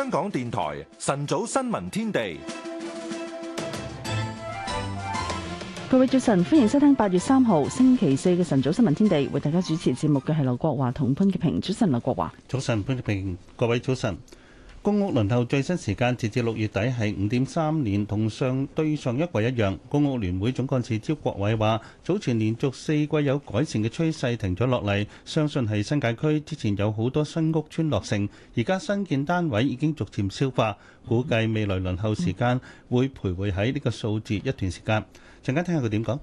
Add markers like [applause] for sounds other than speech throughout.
香港電台晨早新聞天地，各位早晨，歡迎收聽八月三號星期四嘅晨早新聞天地，為大家主持節目嘅係劉國華同潘潔平。早晨，劉國華。早晨，潘潔平。各位早晨。公屋輪候最新時間，截至六月底係五點三年，同上對上一季一樣。公屋聯會總幹事招國偉話，早前連續四季有改善嘅趨勢停咗落嚟，相信係新界區之前有好多新屋村落成，而家新建單位已經逐漸消化，估計未來輪候時間會徘徊喺呢個數字一段時間。陣間聽下佢點講。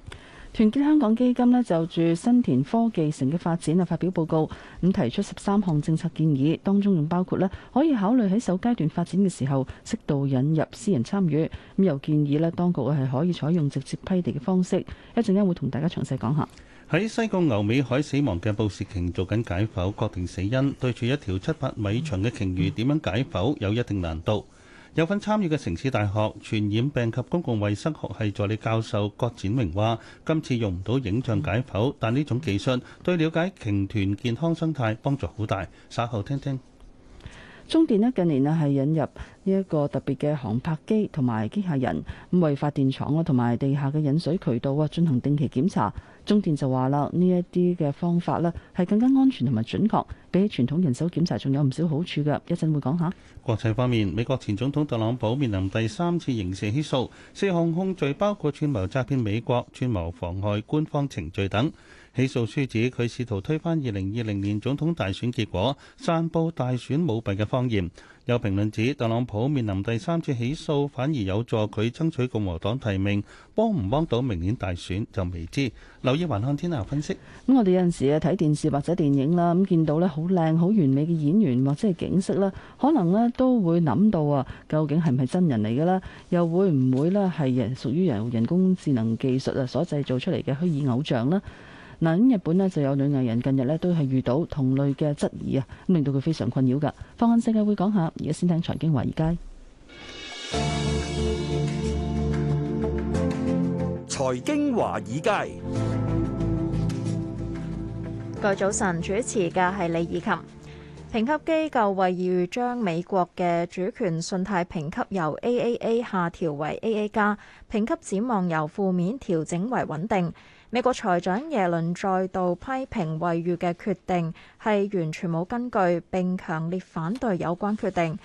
團結香港基金咧就住新田科技城嘅發展啊發表報告，咁提出十三項政策建議，當中仲包括咧可以考慮喺首階段發展嘅時候適度引入私人參與，咁又建議咧當局係可以採用直接批地嘅方式，一陣間會同大家詳細講下。喺西貢牛尾海死亡嘅布氏鯨做緊解剖，確定死因。對住一條七八米長嘅鯨魚，點樣解剖有一定難度。有份參與嘅城市大學傳染病及公共衛生學系助理教授郭展明話：今次用唔到影像解剖，但呢種技術對了解鯨豚健康生態幫助好大。稍後聽聽。中電呢近年呢係引入呢一個特別嘅航拍機同埋機械人，咁為發電廠啊同埋地下嘅引水渠道啊進行定期檢查。中電就話啦，呢一啲嘅方法呢係更加安全同埋準確，比起傳統人手檢查仲有唔少好處㗎。一陣會講下。國際方面，美國前總統特朗普面臨第三次刑事起訴，四項控罪包括串謀詐騙美國、串謀妨礙官方程序等。起訴書指佢試圖推翻二零二零年總統大選結果，散佈大選舞弊嘅謊言。有評論指特朗普面臨第三次起訴，反而有助佢爭取共和黨提名，幫唔幫到明年大選就未知。留意雲漢天下分析咁，我哋有陣時啊睇電視或者電影啦，咁見到呢好靚好完美嘅演員或者係景色啦，可能呢都會諗到啊，究竟係唔係真人嚟噶啦？又會唔會呢係人屬於由人工智能技術啊所製造出嚟嘅虛擬偶像呢？嗱，日本咧就有女藝人近日咧都係遇到同類嘅質疑啊，令到佢非常困擾噶。放眼世界會講下，而家先聽財經華爾街。財經華爾街，各位早晨，主持嘅係李以琴。評級機構惠譽將美國嘅主權信貸評級由 AAA 下調為 AA 加，評級展望由負面調整為穩定。美國財長耶倫再度批評惠譽嘅決定係完全冇根據，並強烈反對有關決定。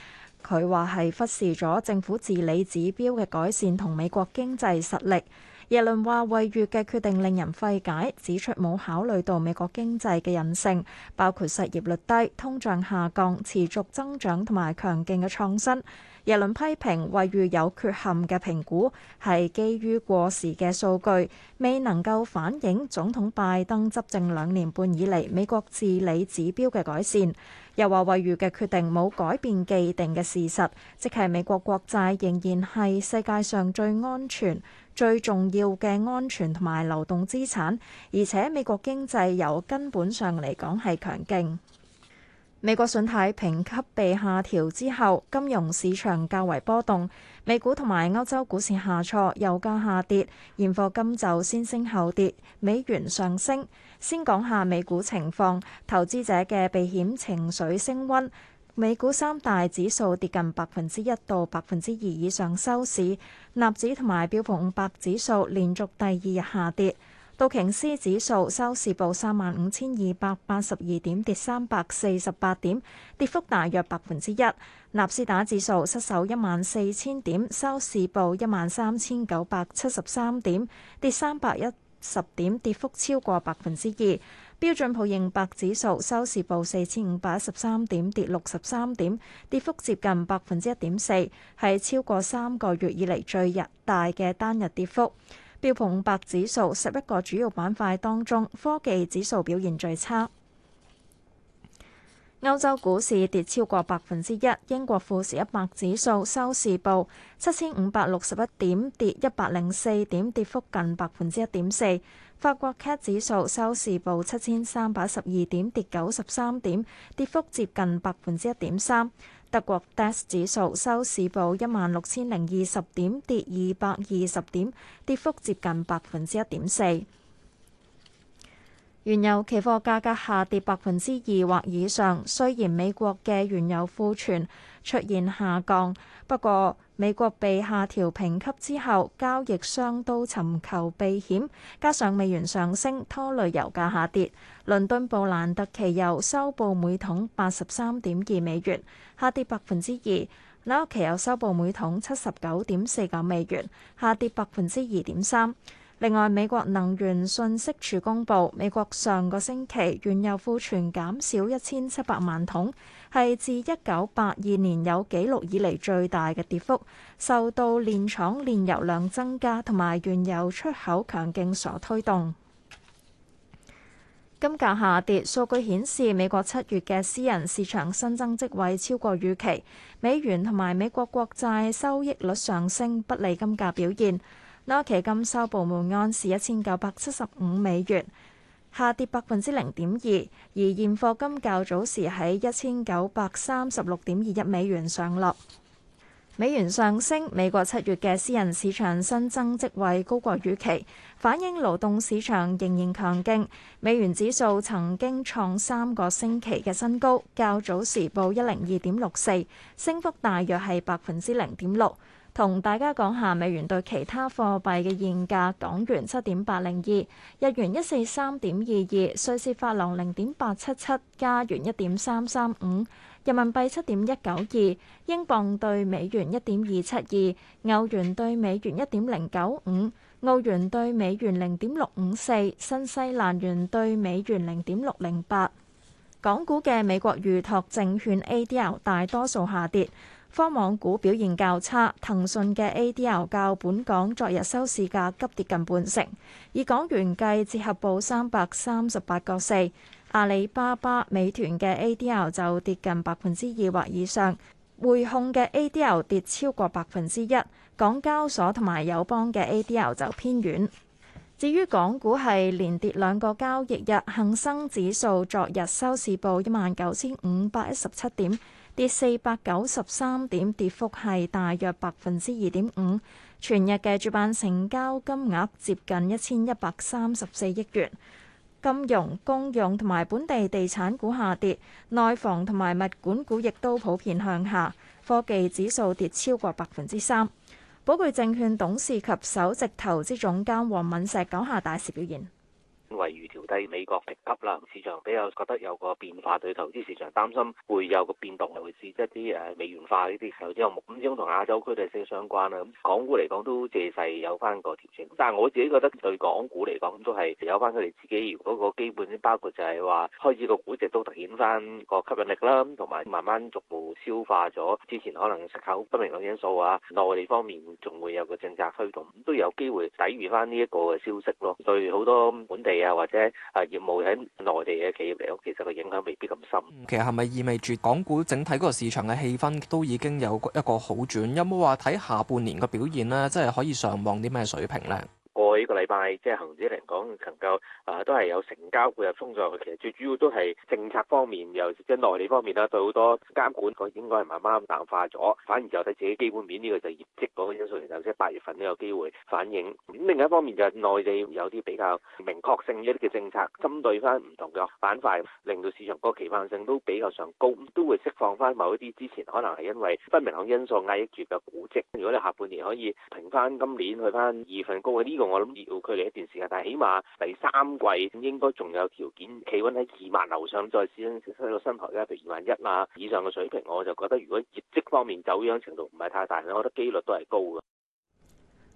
佢話係忽視咗政府治理指標嘅改善同美國經濟實力。耶倫話惠譽嘅決定令人費解，指出冇考慮到美國經濟嘅韌性，包括失業率低、通脹下降、持續增長同埋強勁嘅創新。耶倫批評惠譽有缺陷嘅評估係基於過時嘅數據，未能夠反映總統拜登執政兩年半以嚟美國治理指標嘅改善。又話惠譽嘅決定冇改變既定嘅事實，即係美國國債仍然係世界上最安全、最重要嘅安全同埋流動資產，而且美國經濟由根本上嚟講係強勁。美國信貸評級被下調之後，金融市場較為波動，美股同埋歐洲股市下挫，油價下跌，現貨金就先升後跌，美元上升。先講下美股情況，投資者嘅避險情緒升溫，美股三大指數跌近百分之一到百分之二以上收市，納指同埋標普五百指數連續第二日下跌。道瓊斯指數收市報三萬五千二百八十二點，跌三百四十八點，跌幅大約百分之一。納斯達指數失守一萬四千點，收市報一萬三千九百七十三點，跌三百一十點，跌幅超過百分之二。標準普爾五百指數收市報四千五百一十三點，跌六十三點，跌幅接近百分之一點四，係超過三個月以嚟最大嘅單日跌幅。標普五百指數十一個主要板塊當中，科技指數表現最差。歐洲股市跌超過百分之一，英國富時一百指數收市報七千五百六十一點，跌一百零四點，跌幅近百分之一點四。法國 CAC 指數收市報七千三百十二點，跌九十三點，跌幅接近百分之一點三。德國 DAX 指數收市報一萬六千零二十點，跌二百二十點，跌幅接近百分之一點四。原油期貨價格下跌百分之二或以上，雖然美國嘅原油庫存出現下降，不過。美國被下調評級之後，交易商都尋求避險，加上美元上升拖累油價下跌。倫敦布蘭特期油收報每桶八十三點二美元，下跌百分之二；紐約期油收報每桶七十九點四九美元，下跌百分之二點三。另外，美國能源信息署公布，美國上個星期原油庫存減少一千七百萬桶，係自一九八二年有紀錄以嚟最大嘅跌幅，受到煉廠煉油量增加同埋原油出口強勁所推動。金價下跌，數據顯示美國七月嘅私人市場新增職位超過預期，美元同埋美國國債收益率上升，不利金價表現。那期金收部門安是一千九百七十五美元，下跌百分之零點二，而現貨金較早時喺一千九百三十六點二一美元上落。美元上升，美國七月嘅私人市場新增職位高過預期，反映勞動市場仍然強勁。美元指數曾經創三個星期嘅新高，較早時報一零二點六四，升幅大約係百分之零點六。同大家講下美元對其他貨幣嘅現價：港元七點八零二，日元一四三點二二，瑞士法郎零點八七七，加元一點三三五，人民幣七點一九二，英鎊對美元一點二七二，歐元對美元一點零九五，澳元對美元零點六五四，新西蘭元對美元零點六零八。港股嘅美國預託證券 ADL 大多數下跌。科網股表現較差，騰訊嘅 A D L 較本港昨日收市價急跌近半成，以港元計折合報三百三十八個四。阿里巴巴、美團嘅 A D L 就跌近百分之二或以上，匯控嘅 A D L 跌超過百分之一，港交所同埋友邦嘅 A D L 就偏軟。至於港股係連跌兩個交易日，恒生指數昨日收市報一萬九千五百一十七點。跌四百九十三點，跌幅係大約百分之二點五。全日嘅主板成交金額接近一千一百三十四億元。金融、公用同埋本地地產股下跌，內房同埋物管股亦都普遍向下。科技指數跌超過百分之三。寶鉅證券董事及首席投資總監黃敏碩講下大市表現。惠譽調低美國評級啦，市場比較覺得有個變化，對投資市場擔心會有個變動，尤其是一啲誒美元化呢啲，又因為唔唔知有冇同亞洲區都係息息相關啦。咁港股嚟講都借勢有翻個調整，但係我自己覺得對港股嚟講都係有翻佢哋自己嗰個基本，包括就係話開始個估值都突顯翻個吸引力啦。同埋慢慢逐步消化咗之前可能出口不明朗因素啊，內地方面仲會有個政策推動，咁都有機會抵禦翻呢一個嘅消息咯。對好多本地，啊，或者啊，業務喺內地嘅企業嚟講，其實個影響未必咁深。其實係咪意味住港股整體嗰個市場嘅氣氛都已經有一個好轉？有冇話睇下半年嘅表現咧？即係可以上望啲咩水平咧？喺呢個禮拜，即係恒指嚟講，能夠啊都係有成交配合衝上去。其實最主要都係政策方面，又即係內地方面啦，對好多監管，佢應該係慢慢淡化咗。反而就睇自己基本面呢、呢個就業績嗰個因素嚟，頭先，八、就係、月份都有機會反映。咁另一方面就係內地有啲比較明確性一啲嘅政策，針對翻唔同嘅板塊，令到市場個期盼性都比較上高，都會釋放翻某一啲之前可能係因為不明朗因素壓抑住嘅估值。如果你下半年可以平翻今年去翻二月份高嘅呢、呢個我。咁要距離一段時間，但係起碼第三季應該仲有條件企穩喺二萬樓上，再試身推出個新台階，譬如二萬一啊以上嘅水平，我就覺得如果業績方面走樣程度唔係太大，我覺得幾率都係高嘅。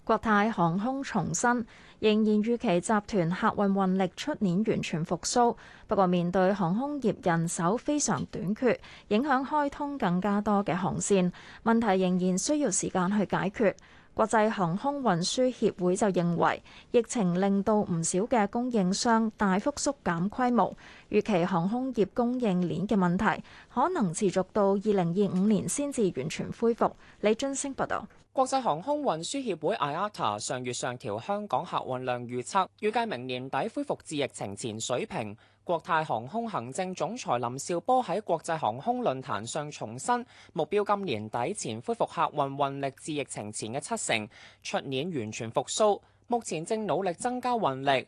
國泰航空重申，仍然預期集團客運運力出年完全復蘇，不過面對航空業人手非常短缺，影響開通更加多嘅航綫，問題仍然需要時間去解決。國際航空運輸協會就認為，疫情令到唔少嘅供應商大幅縮減規模，預期航空業供應鏈嘅問題可能持續到二零二五年先至完全恢復。李津升報道，國際航空運輸協會 IATA 上月上調香港客運量預測，預計明年底恢復至疫情前水平。國泰航空行政總裁林紹波喺國際航空論壇上重申，目標今年底前恢復客運運力至疫情前嘅七成，出年完全復甦。目前正努力增加運力。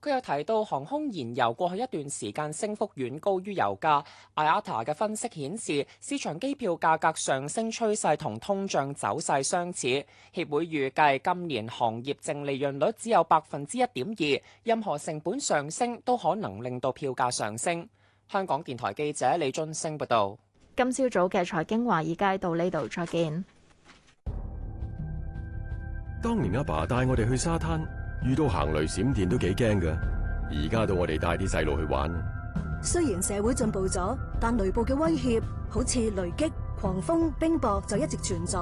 佢又提到，航空燃油過去一段時間升幅遠高於油價，IATA 嘅分析顯示，市場機票價格上升趨勢同通脹走勢相似。協會預計今年行業淨利潤率只有百分之一點二，任何成本上升都可能令到票價上升。香港電台記者李津升報道。今朝早嘅財經華爾街到呢度再見。當年阿爸帶我哋去沙灘。遇到行雷閃電都幾驚噶，而家到我哋帶啲細路去玩。雖然社會進步咗，但雷暴嘅威脅好似雷擊、狂風、冰雹就一直存在。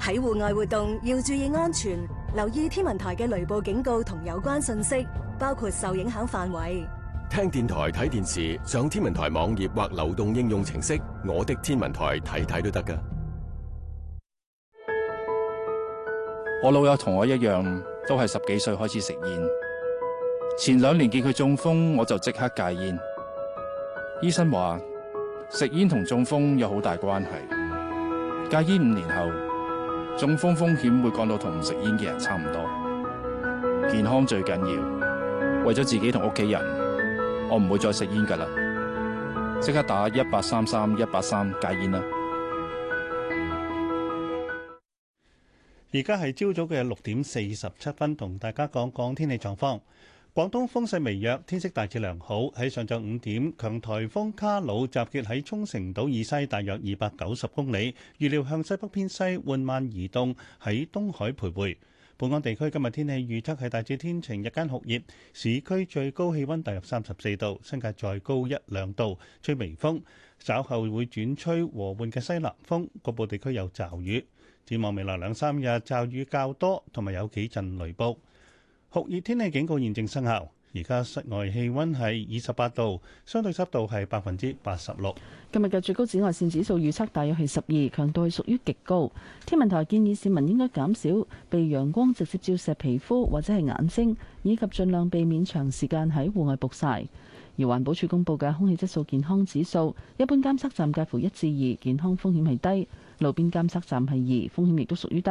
喺戶外活動要注意安全，留意天文台嘅雷暴警告同有關信息，包括受影響範圍。聽電台、睇電視、上天文台網頁或流動應用程式《我的天文台》看看，睇睇都得噶。我老友同我一樣，都係十幾歲開始食煙，前兩年見佢中風，我就即刻戒煙。醫生話食煙同中風有好大關係，戒煙五年後，中風風險會降到同唔食煙嘅人差唔多。健康最緊要，為咗自己同屋企人，我唔會再食煙㗎喇。即刻打一八三三一八三戒煙啦！而家係朝早嘅六點四十七分，同大家講講天氣狀況。廣東風勢微弱，天色大致良好。喺上晝五點，強颱風卡努集結喺沖繩島以西，大約二百九十公里，預料向西北偏西緩慢移動喺東海徘徊。本港地區今日天氣預測係大致天晴，日間酷熱，市區最高氣温大約三十四度，新界再高一兩度，吹微風，稍後會轉吹和緩嘅西南風，局部地區有驟雨。展望未來兩三日，驟雨較多，同埋有幾陣雷暴。酷熱天氣警告現正生效，而家室外氣温係二十八度，相對濕度係百分之八十六。今日嘅最高紫外線指數預測大約係十二，強度係屬於極高。天文台建議市民應該減少被陽光直接照射皮膚或者係眼睛，以及盡量避免長時間喺戶外曝曬。而環保署公布嘅空氣質素健康指數，一般監測站介乎一至二，健康風險係低。路邊監測站係二，風險亦都屬於低。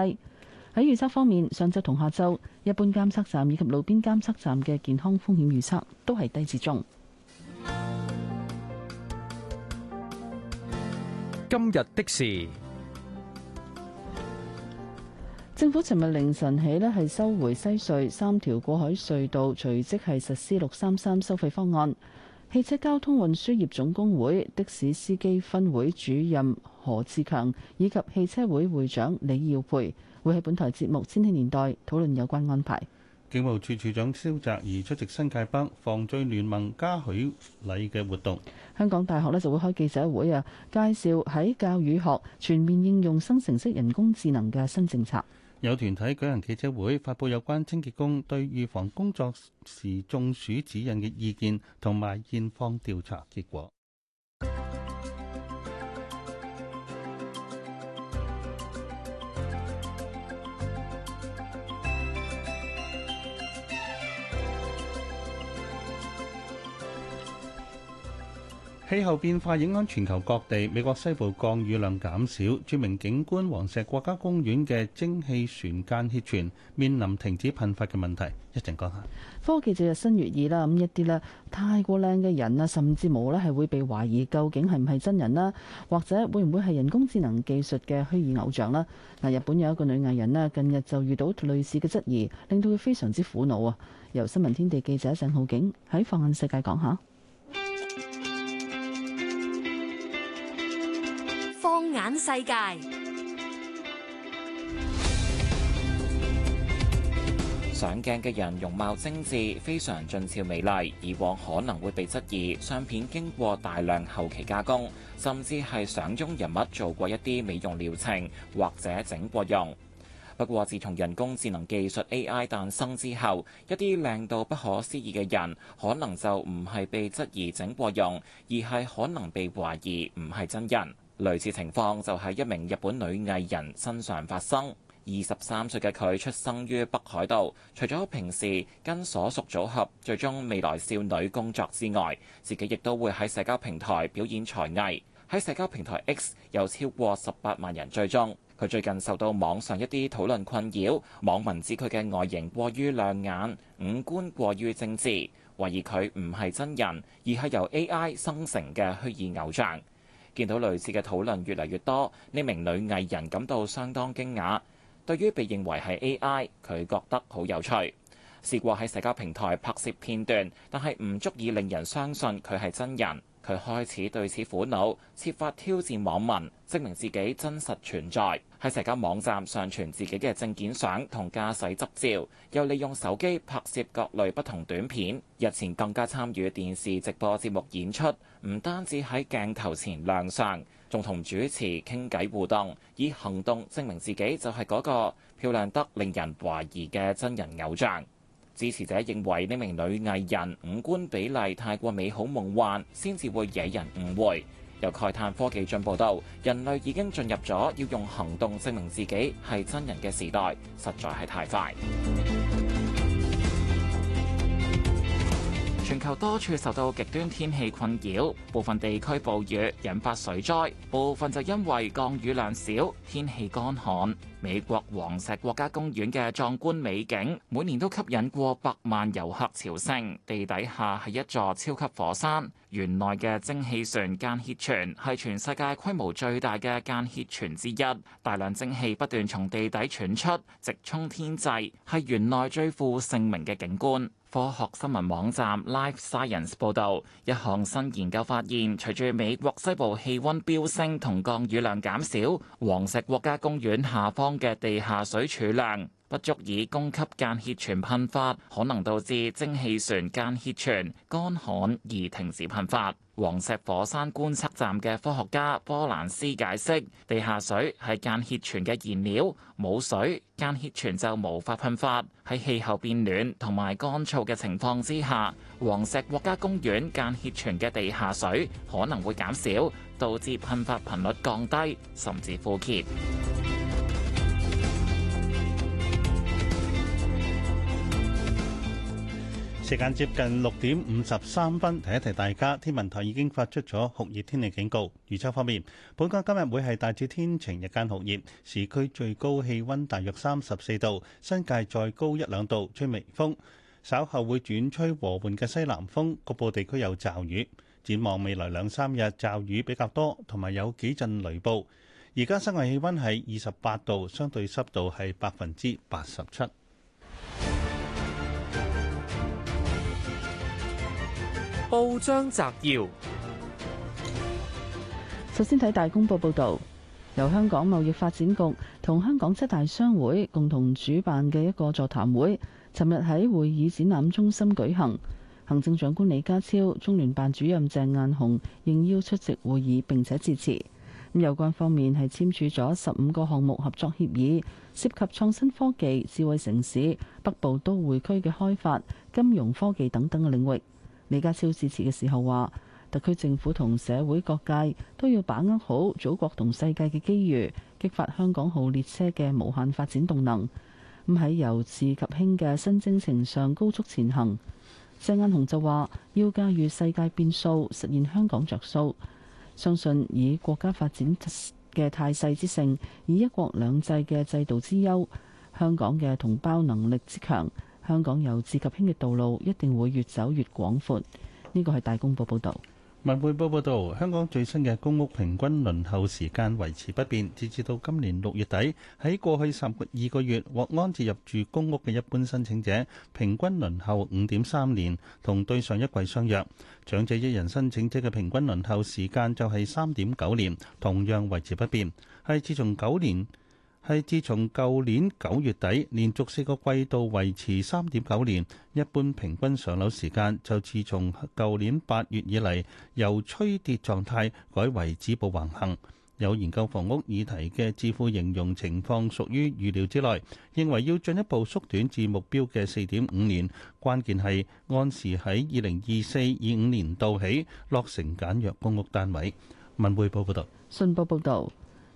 喺預測方面，上周同下周，一般監測站以及路邊監測站嘅健康風險預測都係低至中。今日的事，政府尋日凌晨起咧，係收回西隧三條過海隧道，隨即係實施六三三收費方案。汽車交通運輸業總工會的士司機分會主任何志強以及汽車會會長李耀培會喺本台節目《千禧年代》討論有關安排。警務處處長蕭澤頤出席新界北防罪聯盟嘉許禮嘅活動。香港大學咧就會開記者會啊，介紹喺教與學全面應用新程式人工智能嘅新政策。有團體舉行記者會，發布有關清潔工對預防工作時中暑指引嘅意見，同埋現況調查結果。氣候變化影響全球各地。美國西部降雨量減少，著名景觀黃石國家公園嘅蒸汽船間歇泉面臨停止噴發嘅問題。一陣講下科技就日新月異啦。咁一啲咧太過靚嘅人啊，甚至冇咧係會被懷疑究竟係唔係真人啦，或者會唔會係人工智能技術嘅虛擬偶像啦？嗱，日本有一個女藝人咧，近日就遇到類似嘅質疑，令到佢非常之苦惱啊。由新聞天地記者鄭浩景喺放眼世界講下。眼世界上鏡嘅人容貌精致，非常俊俏美麗。以往可能會被質疑相片經過大量後期加工，甚至係相中人物做過一啲美容療程或者整過容。不過自從人工智能技術 AI 誕生之後，一啲靚到不可思議嘅人，可能就唔係被質疑整過容，而係可能被懷疑唔係真人。類似情況就喺一名日本女藝人身上發生。二十三歲嘅佢出生於北海道，除咗平時跟所屬組合、最終未來少女工作之外，自己亦都會喺社交平台表演才藝。喺社交平台 X 有超過十八萬人追蹤。佢最近受到網上一啲討論困擾，網民指佢嘅外形過於亮眼、五官過於正字，懷疑佢唔係真人，而係由 AI 生成嘅虛擬偶像。見到類似嘅討論越嚟越多，呢名女藝人感到相當驚訝。對於被認為係 AI，佢覺得好有趣。試過喺社交平台拍攝片段，但係唔足以令人相信佢係真人。佢開始對此苦惱，設法挑戰網民，證明自己真實存在。喺社交網站上傳自己嘅證件相同駕駛執照，又利用手機拍攝各類不同短片。日前更加參與電視直播節目演出，唔單止喺鏡頭前亮相，仲同主持傾偈互動，以行動證明自己就係嗰個漂亮得令人懷疑嘅真人偶像。支持者認為呢名女藝人五官比例太過美好夢幻，先至會惹人誤會。由慨嘆科技進步到人類已經進入咗要用行動證明自己係真人嘅時代，實在係太快。全球多處受到極端天氣困擾，部分地區暴雨引發水災，部分就因為降雨量少，天氣乾旱。美國黃石國家公園嘅壯觀美景，每年都吸引過百萬遊客朝聖。地底下係一座超級火山，園內嘅蒸氣船間歇泉係全世界規模最大嘅間歇泉之一，大量蒸氣不斷從地底傳出，直衝天際，係園內最富盛名嘅景觀。科學新聞網站 Life Science 報導，一項新研究發現，隨住美國西部氣溫飆升同降雨量減少，黃石國家公園下方嘅地下水儲量不足以供給間歇泉噴發，可能導致蒸汽船間歇泉乾旱而停止噴發。.黃石火山觀測站嘅科學家波蘭斯解釋，地下水係間歇泉嘅燃料，冇水，間歇泉就無法噴發。喺氣候變暖同埋乾燥嘅情況之下，黃石國家公園間歇泉嘅地下水可能會減少，導致噴發頻率降低，甚至枯竭。時間接近六點五十三分，提一提大家，天文台已經發出咗酷熱天氣警告。預測方面，本港今日會係大致天晴，日間酷熱，市區最高氣温大約三十四度，新界再高一兩度，吹微風。稍後會轉吹和緩嘅西南風，局部地區有驟雨。展望未來兩三日，驟雨比較多，同埋有幾陣雷暴。而家室外氣温係二十八度，相對濕度係百分之八十七。報章摘要：首先睇大公報報道，由香港貿易發展局同香港七大商會共同主辦嘅一個座談會，尋日喺會議展覽中心舉行。行政長官李家超、中聯辦主任鄭雁雄應邀出席會議，並且致辭。咁有關方面係簽署咗十五個項目合作協議，涉及創新科技、智慧城市、北部都會區嘅開發、金融科技等等嘅領域。李家超致辭嘅時候話：特區政府同社會各界都要把握好祖國同世界嘅機遇，激發香港號列車嘅無限發展動能，咁喺由治及興嘅新征程上高速前行。鄭雁雄就話：要駕馭世界變數，實現香港着數。相信以國家發展嘅態勢之盛，以一國兩制嘅制度之優，香港嘅同胞能力之強，香港由治及興嘅道路一定會越走越廣闊。呢個係大公報報導。文匯報報導，香港最新嘅公屋平均輪候時間維持不變，截至到今年六月底。喺過去十二個月獲安置入住公屋嘅一般申請者，平均輪候五點三年，同對上一季相若。長者一人申請者嘅平均輪候時間就係三點九年，同樣維持不變，係自從九年。係自從舊年九月底連續四個季度維持三點九年。一般平均上樓時間，就自從舊年八月以嚟由吹跌狀態改為止步橫行。有研究房屋議題嘅智庫形容情況屬於預料之內，認為要進一步縮短至目標嘅四點五年，關鍵係按時喺二零二四二五年度起落成簡約公屋單位。文匯報報導，信報報道。」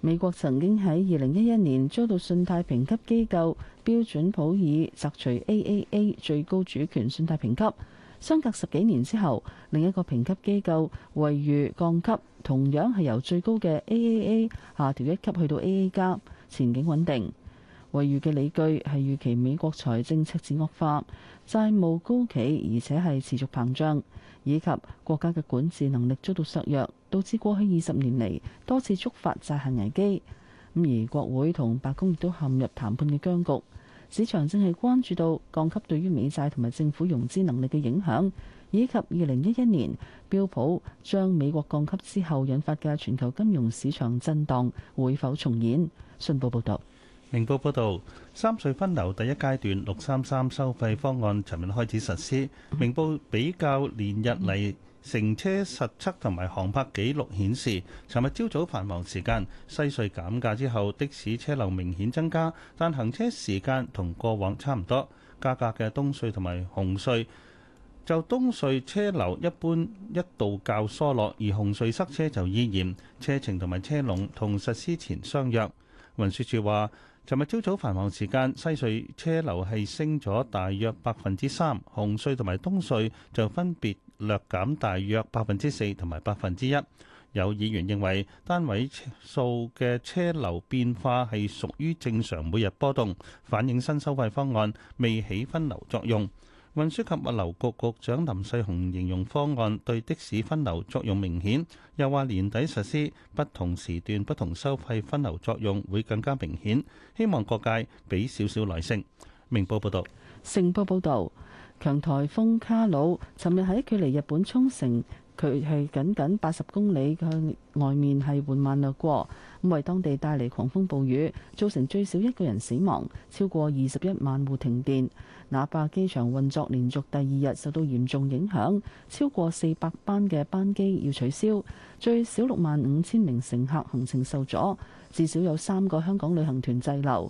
美國曾經喺二零一一年遭到信貸評級機構標準普爾摘除 AAA 最高主權信貸評級，相隔十幾年之後，另一個評級機構惠譽降級，同樣係由最高嘅 AAA 下調一級去到 AA 加，前景穩定。惠譽嘅理據係預期美國財政赤字惡化，債務高企，而且係持續膨脹。以及國家嘅管治能力遭到削弱，導致過去二十年嚟多次觸發債限危機。咁而國會同白宮亦都陷入談判嘅僵局。市場正係關注到降級對於美債同埋政府融資能力嘅影響，以及二零一一年標普將美國降級之後引發嘅全球金融市場震盪會否重演？信報報道。明報報道，三隧分流第一階段六三三收費方案尋日開始實施。明報比較連日嚟乘車實測同埋航拍紀錄顯示，尋日朝早繁忙時間西隧減價之後的士車流明顯增加，但行車時間同過往差唔多。價格嘅東隧同埋紅隧就東隧車流一般一度較疏落，而紅隧塞車就依然，車程同埋車龍同實施前相若。運輸署話。尋日朝早繁忙時間，西隧車流係升咗大約百分之三，紅隧同埋東隧就分別略減大約百分之四同埋百分之一。有議員認為單位數嘅車流變化係屬於正常每日波動，反映新收費方案未起分流作用。運輸及物流局局長林世雄形容方案對的士分流作用明顯，又話年底實施不同時段不同收費分流作用會更加明顯，希望各界俾少少耐性。明報報道，成報報道，強台風卡努尋日喺距離日本沖繩。佢係僅僅八十公里向外面係緩慢掠過，為當地帶嚟狂風暴雨，造成最少一個人死亡，超過二十一萬戶停電。那霸機場運作連續第二日受到嚴重影響，超過四百班嘅班機要取消，最少六萬五千名乘客行程受阻，至少有三個香港旅行團滯留。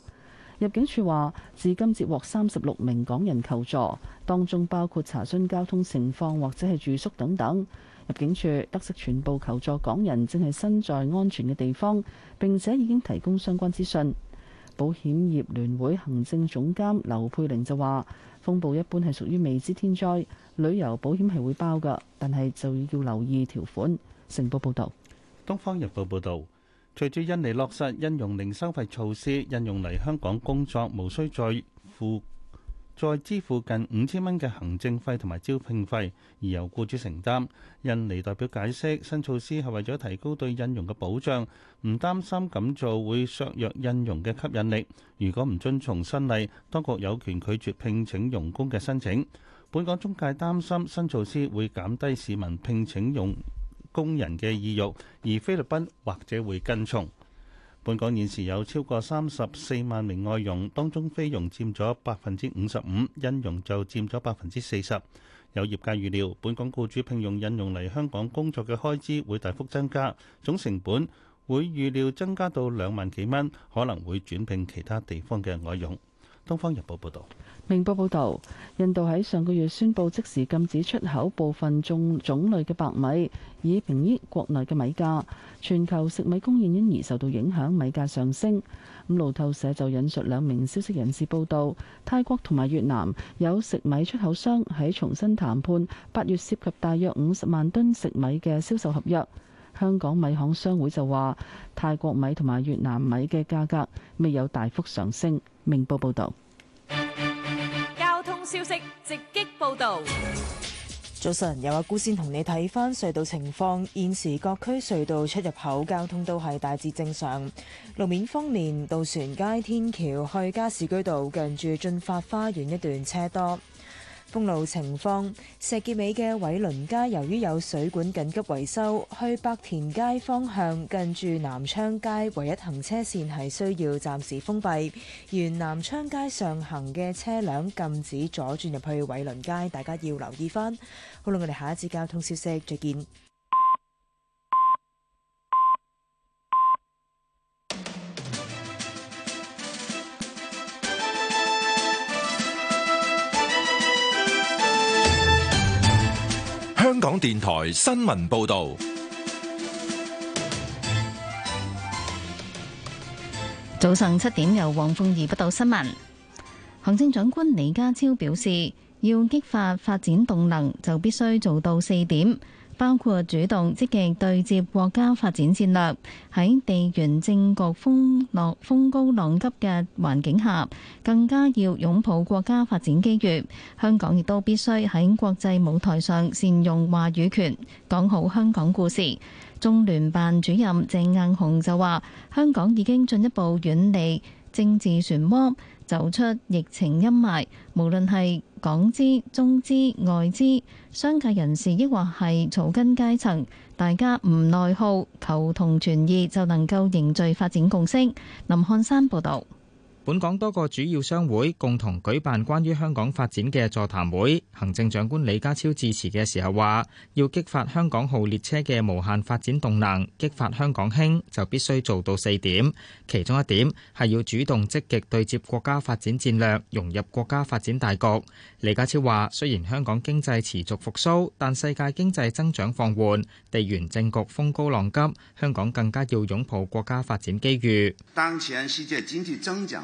入境處話，至今接獲三十六名港人求助，當中包括查詢交通情況或者係住宿等等。入境處得悉全部求助港人正係身在安全嘅地方，並且已經提供相關資訊。保險業聯會行政總監劉佩玲就話：風暴一般係屬於未知天災，旅遊保險係會包㗎，但係就要留意條款。成報報導，《東方日報》報導，隨住印尼落實印傭零收費措施，印傭嚟香港工作無需再付。再支付近五千蚊嘅行政費同埋招聘費，而由僱主承擔。印尼代表解釋，新措施係為咗提高對印傭嘅保障，唔擔心咁做會削弱印傭嘅吸引力。如果唔遵從新例，當局有權拒絕聘請傭工嘅申請，本港中介擔心新措施會減低市民聘請傭工人嘅意欲，而菲律賓或者會跟從。本港現時有超過三十四萬名外傭，當中菲傭佔咗百分之五十五，印傭就佔咗百分之四十。有業界預料，本港僱主聘用印傭嚟香港工作嘅開支會大幅增加，總成本會預料增加到兩萬幾蚊，可能會轉聘其他地方嘅外傭。《東方日報》報道。《明報》報道，印度喺上個月宣布即時禁止出口部分種種類嘅白米，以平抑國內嘅米價。全球食米供應因而受到影響，米價上升。路透社就引述兩名消息人士報導，泰國同埋越南有食米出口商喺重新談判八月涉及大約五十萬噸食米嘅銷售合約。香港米行商會就話，泰國米同埋越南米嘅價格未有大幅上升。明報報道，交通消息直擊報道。早晨，有阿姑先同你睇翻隧道情況。現時各區隧道出入口交通都係大致正常。路面方面，渡船街天橋去加士居道近住駿發花園一段車多。公路情況，石硤尾嘅偉倫街由於有水管緊急維修，去白田街方向近住南昌街唯一行車線係需要暫時封閉，沿南昌街上行嘅車輛禁止左轉入去偉倫街，大家要留意翻。好啦，我哋下一節交通消息再見。香港電台新聞報道，早上七點由黃鳳儀報道新聞。行政長官李家超表示，要激發發展動能，就必須做到四點。包括主動積極對接國家發展戰略，喺地緣政局風浪風高浪急嘅環境下，更加要擁抱國家發展機遇。香港亦都必須喺國際舞台上善用話語權，講好香港故事。中聯辦主任鄭雁雄就話：香港已經進一步遠離政治漩渦。走出疫情陰霾，無論係港資、中資、外資商界人士，抑或係草根階層，大家唔內耗、求同存異，就能夠凝聚發展共識，林漢山報道。本港多個主要商會共同舉辦關於香港發展嘅座談會，行政長官李家超致辭嘅時候話要激發香港號列車嘅無限發展動能，激發香港興就必須做到四點，其中一點，係要主動積極對接國家發展戰略，融入國家發展大局。李家超話雖然香港經濟持續復蘇，但世界經濟增長放緩，地緣政局風高浪急，香港更加要擁抱國家發展機遇。當前世界經濟增長。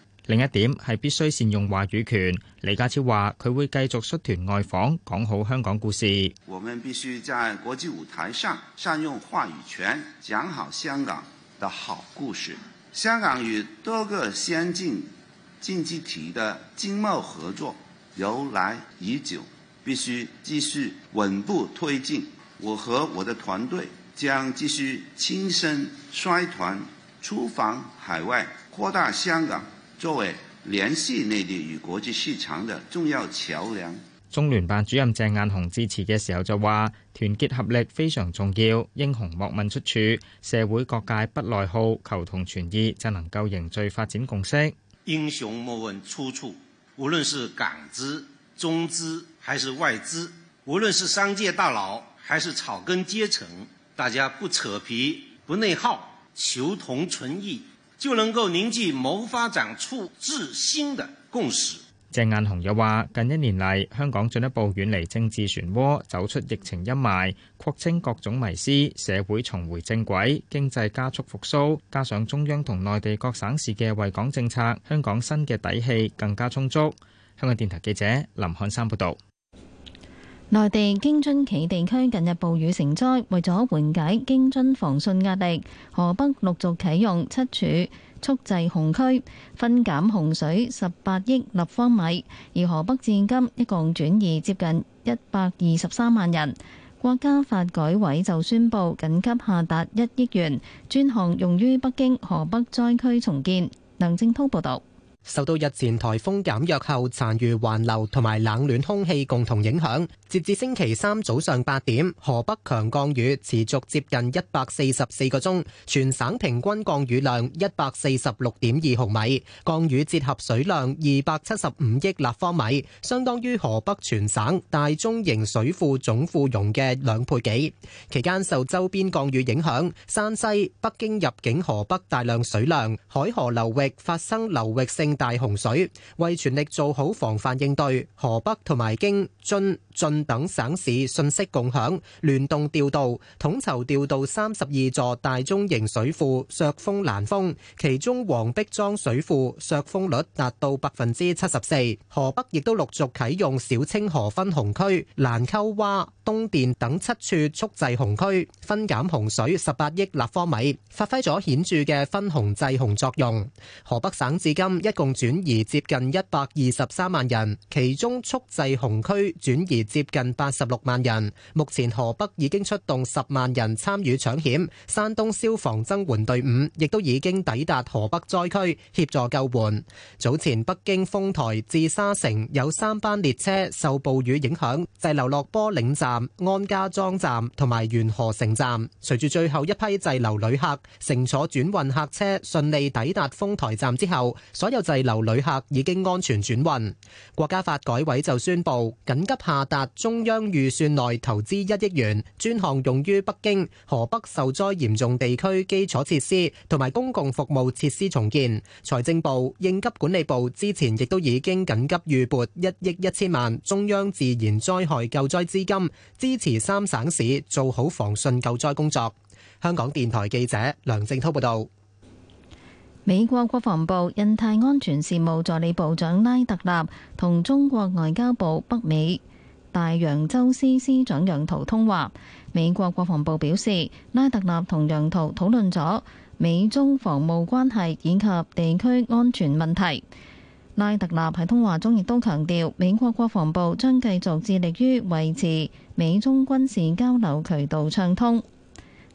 另一點係必須善用話語權。李家超話：佢會繼續率團外訪，講好香港故事。我們必須在國際舞台上善用話語權，講好香港的好故事。香港與多個先進經濟體的經貿合作由來已久，必須繼續穩步推進。我和我的團隊將繼續親身率團出訪海外，擴大香港，作為聯繫內地與國際市場的重要橋樑，中聯辦主任鄭雁雄致辭嘅時候就話：團結合力非常重要，英雄莫問出處，社會各界不內耗，求同存異，就能夠凝聚發展共識，英雄莫問出處，無論是港資、中資還是外資，無論是商界大佬還是草根階層，大家不扯皮、不內耗，求同存異。就能夠凝聚謀發展、處治新的共識。鄭雁雄又話，近一年嚟，香港進一步遠離政治漩渦，走出疫情陰霾，廓清各種迷思，社會重回正軌，經濟加速復甦，加上中央同內地各省市嘅惠港政策，香港新嘅底氣更加充足。香港電台記者林漢山報道。內地京津冀地區近日暴雨成災，為咗緩解京津防汛壓力，河北陸續啟用七處蓄滯洪區，分減洪水十八億立方米。而河北至今一共轉移接近一百二十三萬人。國家發改委就宣布緊急下達一億元專項，用於北京、河北災區重建。梁正濤報導。受到日前台風減弱後殘餘環流同埋冷暖空氣共同影響，截至星期三早上八點，河北強降雨持續接近一百四十四個鐘，全省平均降雨量一百四十六點二毫米，降雨折合水量二百七十五億立方米，相當於河北全省大中型水庫總庫容嘅兩倍幾，期間受周邊降雨影響，山西、北京入境河北大量水量，海河流域發生流域性大洪水，為全力做好防範應對，河北同埋京津晉等省市信息共享、聯動調度、統籌調度三十二座大中型水庫削峰攔峰，其中黃壁莊水庫削峰率達到百分之七十四。河北亦都陸續啟用小清河分洪區、蘭溝窪、東澱等七處蓄滯洪區，分減洪水十八億立方米，發揮咗顯著嘅分洪滯洪作用。河北省至今一個。共轉移接近一百二十三萬人，其中蓄滯洪區轉移接近八十六萬人。目前河北已經出動十萬人參與搶險，山東消防增援隊伍亦都已經抵達河北災區協助救援。早前北京豐台至沙城有三班列車受暴雨影響滯留落坡嶺站、安家莊站同埋沿河城站，隨住最後一批滯留旅客乘坐轉運客車順利抵達豐台站之後，所有。滯留旅客已經安全轉運。國家發改委就宣布緊急下達中央預算內投資一億元，專項用於北京、河北受災嚴重地區基礎設施同埋公共服務設施重建。財政部、應急管理部之前亦都已經緊急預撥一億一千萬中央自然災害救災資金，支持三省市做好防汛救災工作。香港電台記者梁靜滔報道。美國國防部印太安全事務助理部長拉特納同中國外交部北美大洋洲司司長楊濤通話。美國國防部表示，拉特納同楊濤討論咗美中防務關係以及地區安全問題。拉特納喺通話中亦都強調，美國國防部將繼續致力於維持美中軍事交流渠道暢通。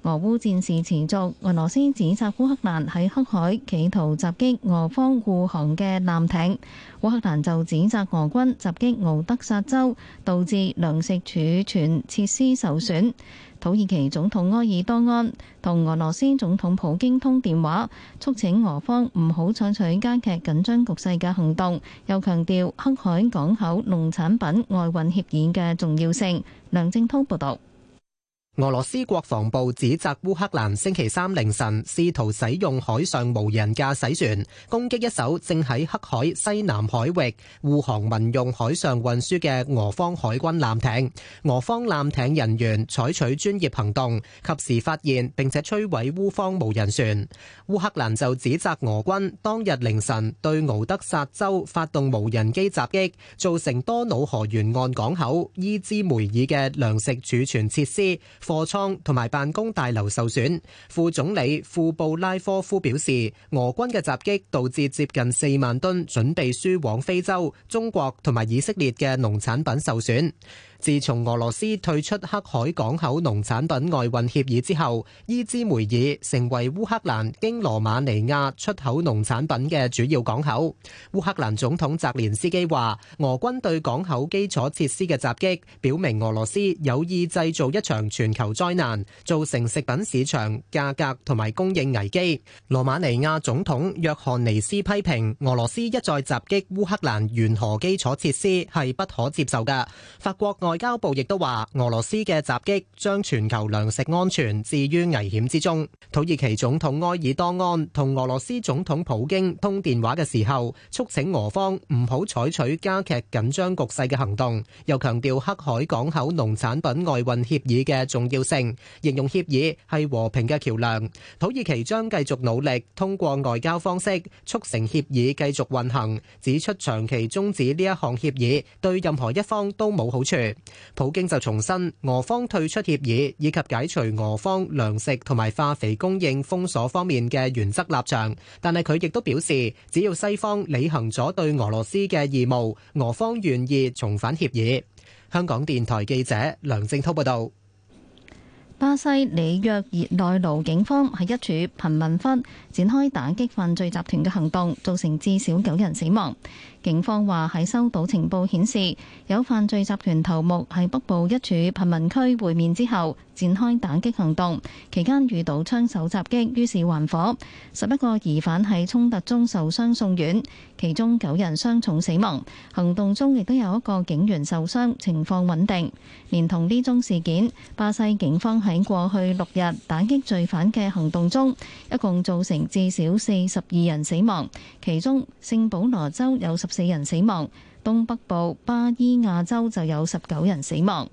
俄烏戰事持續，俄羅斯指責烏克蘭喺黑海企圖襲擊俄方護航嘅艦艇，烏克蘭就指責俄軍襲擊敖德薩州，導致糧食儲存設施受損。土耳其總統埃爾多安同俄羅斯總統普京通電話，促請俄方唔好採取加劇緊張局勢嘅行動，又強調黑海港口農產品外運協議嘅重要性。梁正濤報導。俄羅斯國防部指責烏克蘭星期三凌晨試圖使用海上無人駕駛船攻擊一艘正喺黑海西南海域護航民用海上運輸嘅俄方海軍艦艇。俄方艦艇人員採取專業行動，及時發現並且摧毀烏方無人船。烏克蘭就指責俄軍當日凌晨對敖德薩州發動無人機襲擊，造成多瑙河沿岸港口伊茲梅爾嘅糧食儲存設施、貨倉同埋辦公大樓受損。副總理庫布拉科夫表示，俄軍嘅襲擊導致接近四萬噸準備輸往非洲、中國同埋以色列嘅農產品受損。自從俄羅斯退出黑海港口農產品外運協議之後，伊茲梅爾成為烏克蘭經羅馬尼亞出口農產品嘅主要港口。烏克蘭總統澤連斯基話：俄軍對港口基礎設施嘅襲擊表明俄羅斯有意製造一場全球災難，造成食品市場價格同埋供應危機，羅馬尼亞總統約翰尼斯批評俄羅斯一再襲擊烏克蘭沿河基礎設施係不可接受嘅法國。外交部亦都話，俄羅斯嘅襲擊將全球糧食安全置於危險之中。土耳其總統埃爾多安同俄羅斯總統普京通電話嘅時候，促請俄方唔好採取加劇緊張局勢嘅行動，又強調黑海港口農產品外運協議嘅重要性，形容協議係和平嘅橋樑。土耳其將繼續努力通過外交方式促成協議繼續運行，指出長期終止呢一項協議對任何一方都冇好處。普京就重申俄方退出協議以及解除俄方糧食同埋化肥供應封鎖方面嘅原則立場，但係佢亦都表示，只要西方履行咗對俄羅斯嘅義務，俄方願意重返協議。香港電台記者梁正濤報道。巴西里約熱內盧警方喺一處貧民窟，展開打擊犯罪集團嘅行動，造成至少九人死亡。警方話喺收到情報顯示有犯罪集團頭目喺北部一處貧民區會面之後，展開打擊行動。期間遇到槍手襲擊，於是還火。十一個疑犯喺衝突中受傷送院，其中九人傷重死亡。行動中亦都有一個警員受傷，情況穩定。連同呢宗事件，巴西警方喺過去六日打擊罪犯嘅行動中，一共造成。至少四十二人死亡，其中聖保羅州有十四人死亡，東北部巴伊亞州就有十九人死亡。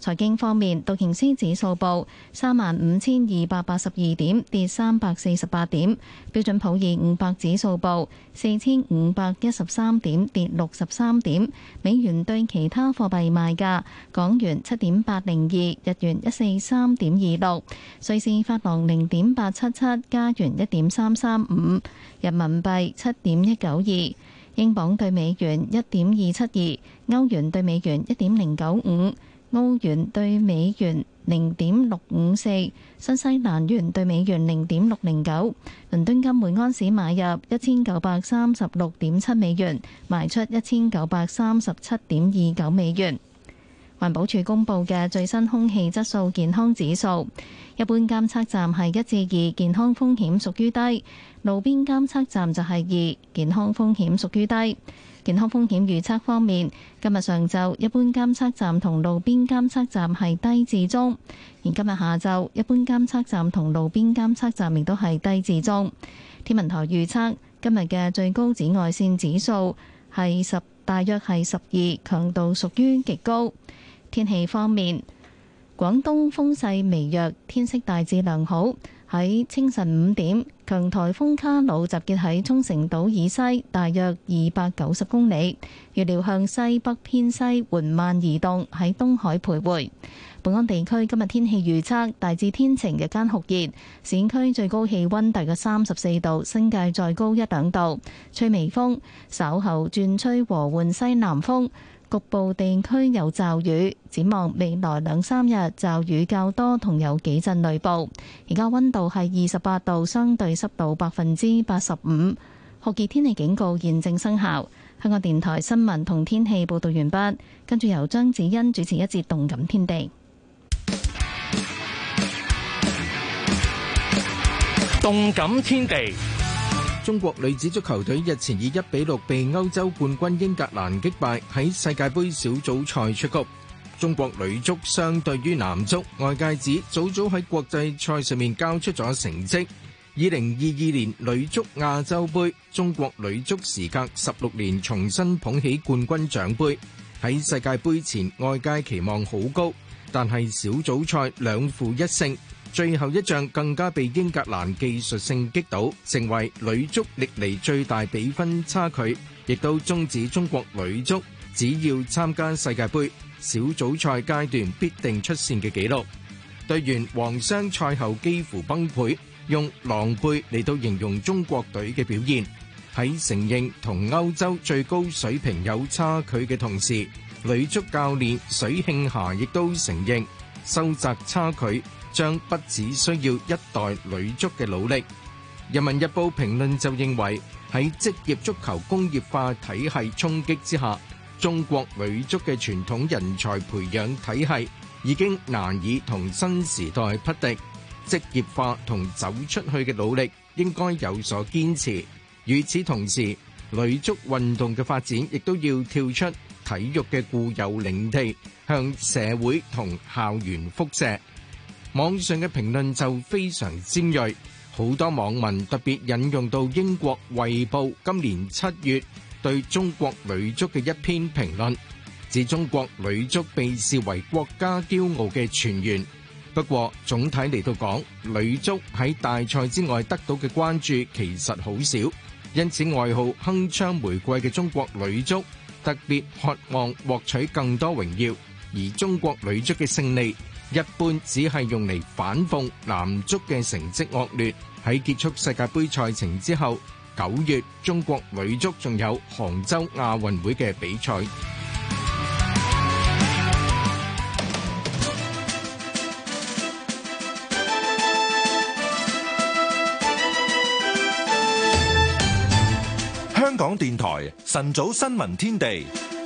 財經方面，道瓊斯指數報三萬五千二百八十二點，跌三百四十八點。標準普爾五百指數報四千五百一十三點，跌六十三點。美元對其他貨幣賣價，港元七點八零二，日元一四三點二六，瑞士法郎零點八七七，加元一點三三五，人民幣七點一九二，英鎊對美元一點二七二，歐元對美元一點零九五。歐元對美元零點六五四，新西蘭元對美元零點六零九，倫敦金每安士買入一千九百三十六點七美元，賣出一千九百三十七點二九美元。環保署公布嘅最新空氣質素健康指數，一般監測站係一至二，健康風險屬於低；路邊監測站就係二，健康風險屬於低。健康風險預測方面，今日上晝一般監測站同路邊監測站係低至中，而今日下晝一般監測站同路邊監測站亦都係低至中。天文台預測今日嘅最高紫外線指數係十，大約係十二，強度屬於極高。天氣方面，廣東風勢微弱，天色大致良好。喺清晨五點。強台風卡努集結喺沖繩島以西，大約二百九十公里，預料向西北偏西緩慢移動，喺東海徘徊。本港地區今日天氣預測，大致天晴，日間酷熱，市區最高氣溫大約三十四度，新界再高一兩度，吹微風，稍後轉吹和緩西南風。局部地區有驟雨，展望未來兩三日驟雨較多同有幾陣雷暴。而家溫度係二十八度，相對濕度百分之八十五。酷熱天氣警告現正生效。香港電台新聞同天氣報導完畢，跟住由張子欣主持一節《動感天地》。動感天地。中國女子足球隊日前以1比6被歐洲冠軍英格蘭擊敗，喺世界杯小組賽出局。中國女足相對於男足，外界指早早喺國際賽上面交出咗成績2022年女足亞洲杯，中國女足時隔16年重新捧起冠軍獎杯。喺世界杯前，外界期望好高，但係小組賽兩負一勝最後一仗更加被英格蘭技術性擊倒，成為女足歷嚟最大比分差距，亦都終止中國女足只要參加世界杯小組賽階段必定出線嘅紀錄。隊員王雙賽後幾乎崩潰，用狼狽嚟到形容中國隊嘅表現，喺承認同歐洲最高水平有差距嘅同時，女足教練水慶霞亦都承認，收窄差距，將不只需要一代女足嘅努力，《人民日報》評論就認為喺職業足球工業化體系衝擊之下，中國女足嘅傳統人才培養體系已經難以同新時代匹敵，職業化同走出去嘅努力應該有所堅持。與此同時，女足運動嘅發展亦都要跳出體育嘅固有領地，向社會同校園輻射。網上嘅評論就非常尖銳，好多網民特別引用到英國衛報今年七月對中國女足嘅一篇評論，指中國女足被視為國家驕傲嘅泉源。不過，總體嚟到講，女足喺大賽之外得到嘅關注其實好少，因此外號鏗鏘玫瑰嘅中國女足特別渴望獲取更多榮耀。而中國女足嘅勝利，一般只係用嚟反諷男足嘅成績惡劣。喺結束世界盃賽程之後，九月中國女足仲有杭州亞運會嘅比賽。香港電台晨早新聞天地。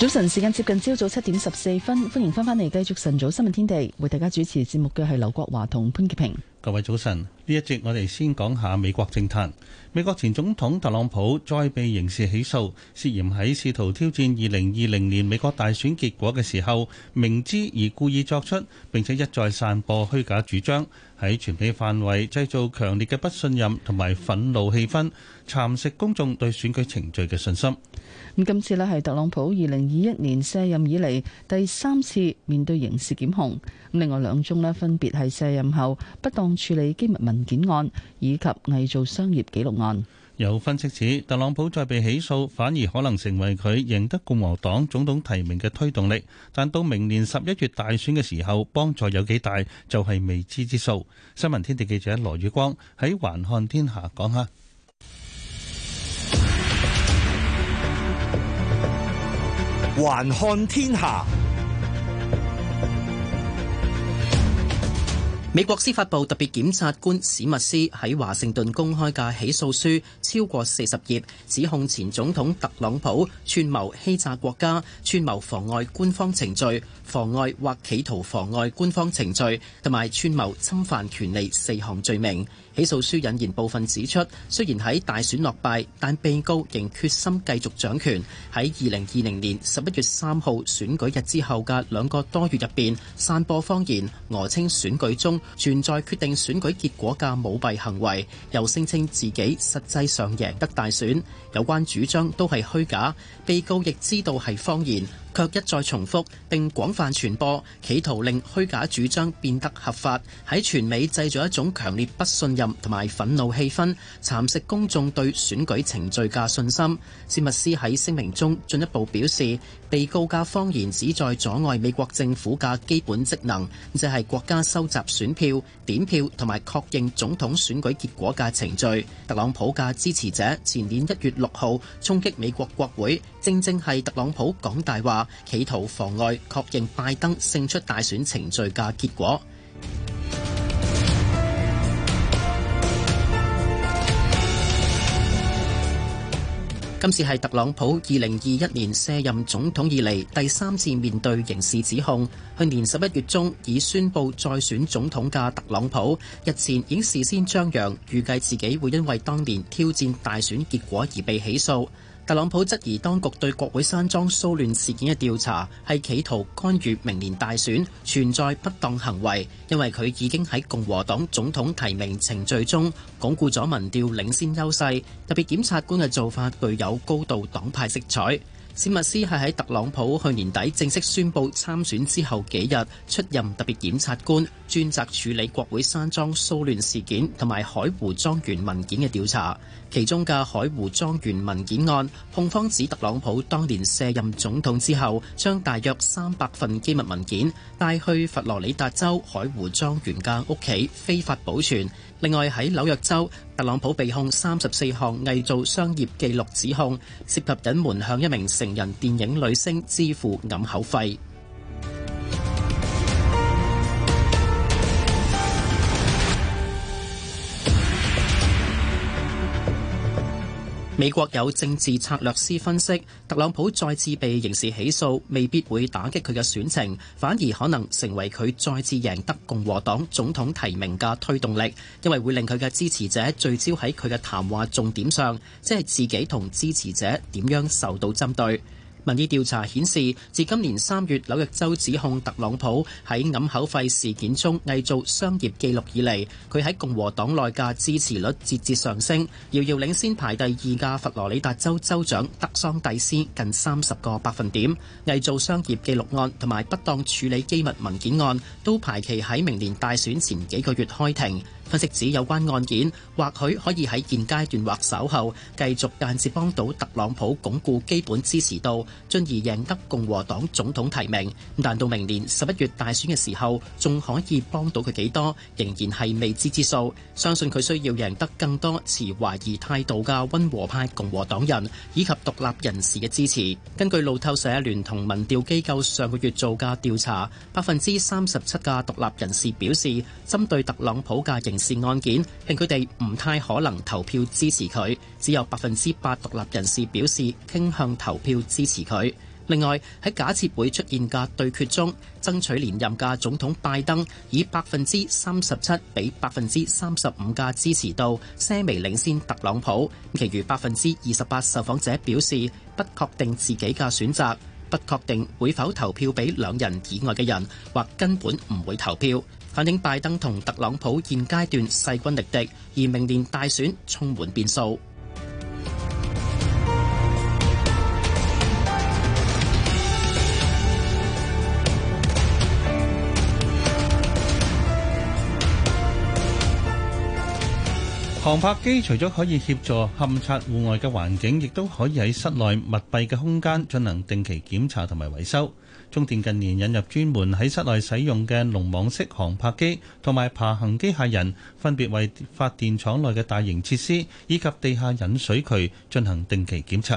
早晨，時間接近朝早七點十四分，歡迎翻返嚟繼續晨早新聞天地，為大家主持節目嘅係劉國華同潘潔平。各位早晨，呢一節我哋先講下美國政壇。美國前總統特朗普再被刑事起訴，涉嫌喺試圖挑戰二零二零年美國大選結果嘅時候，明知而故意作出，並且一再散播虛假主張，喺全美範圍製造強烈嘅不信任同埋憤怒氣氛，蠶食公眾對選舉程序嘅信心。咁今次呢係特朗普二零二一年卸任以嚟第三次面對刑事檢控，咁另外兩宗呢，分別係卸任後不當處理機密文件案以及偽造商業記錄案。有分析指，特朗普再被起訴，反而可能成為佢贏得共和黨總統提名嘅推動力，但到明年十一月大選嘅時候，幫助有幾大就係未知之數。新聞天地記者羅宇光喺環看天下講下。環看天下，美國司法部特別檢察官史密斯喺華盛頓公開嘅起訴書超過四十頁，指控前總統特朗普串謀欺詐國家、串謀妨礙官方程序、妨礙或企圖妨礙官方程序，同埋串謀侵犯權利四項罪名。起訴書引言部分指出，雖然喺大選落敗，但被告仍決心繼續掌權。喺二零二零年十一月三號選舉日之後嘅兩個多月入邊，散播謊言，訛稱選舉中存在決定選舉結果嘅舞弊行為，又聲稱自己實際上贏得大選。有關主張都係虛假，被告亦知道係謊言，卻一再重複並廣泛傳播，企圖令虛假主張變得合法，喺全美製造一種強烈不信任同埋憤怒氣氛，蠶食公眾對選舉程序嘅信心。史密斯喺聲明中進一步表示：被告嘅謊言旨在阻礙美國政府嘅基本職能，即係國家收集選票、點票同埋確認總統選舉結果嘅程序。特朗普嘅支持者前年一月六號衝擊美國國會，正正係特朗普講大話，企圖妨礙確認拜登勝出大選程序嘅結果。今次係特朗普二零二一年卸任總統以嚟第三次面對刑事指控。去年十一月中已宣布再選總統嘅特朗普，日前已經事先張揚，預計自己會因為當年挑戰大選結果而被起訴。特朗普質疑當局對國會山莊騷亂事件嘅調查係企圖干預明年大選，存在不當行為，因為佢已經喺共和黨總統提名程序中鞏固咗民調領先優勢，特別檢察官嘅做法具有高度黨派色彩。史密斯係喺特朗普去年底正式宣佈參選之後幾日出任特別檢察官，專責處理國會山莊騷亂事件同埋海湖莊園文件嘅調查。其中嘅海湖莊園文件案，控方指特朗普當年卸任總統之後，將大約三百份機密文件帶去佛羅里達州海湖莊園間屋企非法保存。另外，喺紐約州，特朗普被控三十四項偽造商業記錄指控，涉及隱瞞向一名成人電影女星支付掩口費。美國有政治策略師分析，特朗普再次被刑事起訴未必會打擊佢嘅選情，反而可能成為佢再次贏得共和黨總統提名嘅推動力，因為會令佢嘅支持者聚焦喺佢嘅談話重點上，即係自己同支持者點樣受到針對。民意調查顯示，自今年三月紐約州指控特朗普喺暗口費事件中偽造商業記錄以嚟，佢喺共和黨內嘅支持率節節上升，遙遙領先排第二嘅佛羅里達州州長德桑蒂斯近三十個百分點。偽造商業記錄案同埋不當處理機密文件案都排期喺明年大選前幾個月開庭。分析指有關案件或許可以喺現階段或稍後繼續間接幫到特朗普鞏固基本支持度，進而贏得共和黨總統提名。但到明年十一月大選嘅時候，仲可以幫到佢幾多，仍然係未知之數。相信佢需要贏得更多持懷疑態度嘅溫和派共和黨人以及獨立人士嘅支持。根據路透社聯同民調機構上個月做嘅調查，百分之三十七嘅獨立人士表示，針對特朗普嘅形事案件，令佢哋唔太可能投票支持佢，只有百分之八獨立人士表示傾向投票支持佢。另外喺假設會出現嘅對決中，爭取連任嘅總統拜登以百分之三十七比百分之三十五嘅支持度，些微領先特朗普。其餘百分之二十八受訪者表示不確定自己嘅選擇，不確定會否投票俾兩人以外嘅人，或根本唔會投票。反映拜登同特朗普現階段勢均力敵，而明年大選充滿變數。航拍機除咗可以協助勘察戶外嘅環境，亦都可以喺室內密閉嘅空間進行定期檢查同埋維修。中電近年引入專門喺室內使用嘅龍網式航拍機同埋爬行機械人，分別為發電廠內嘅大型設施以及地下引水渠進行定期檢測。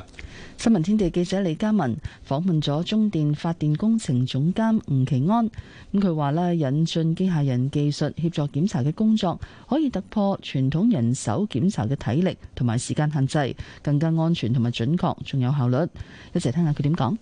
新聞天地記者李家文訪問咗中電發電工程總監吳其安，咁佢話呢引進機械人技術協助檢查嘅工作，可以突破傳統人手檢查嘅體力同埋時間限制，更加安全同埋準確，仲有效率。一齊聽下佢點講。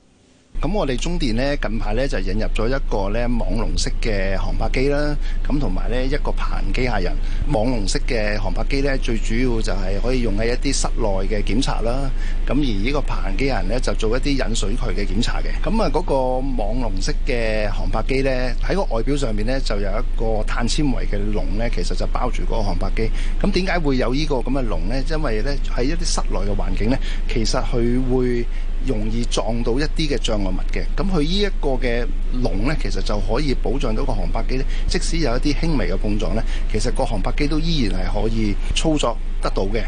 咁我哋中電咧近排咧就引入咗一個咧網籠式嘅航拍機啦，咁同埋咧一個爬行機械人。網籠式嘅航拍機咧最主要就係可以用喺一啲室內嘅檢查啦，咁而呢個爬行機械人咧就做一啲引水渠嘅檢查嘅。咁啊嗰個網籠式嘅航拍機咧喺個外表上面咧就有一個碳纖維嘅籠咧，其實就包住嗰個航拍機。咁點解會有呢個咁嘅籠咧？因為咧喺一啲室內嘅環境咧，其實佢會。容易撞到一啲嘅障礙物嘅，咁佢呢一個嘅籠呢，其實就可以保障到個航拍機呢，即使有一啲輕微嘅碰撞呢，其實個航拍機都依然係可以操作得到嘅。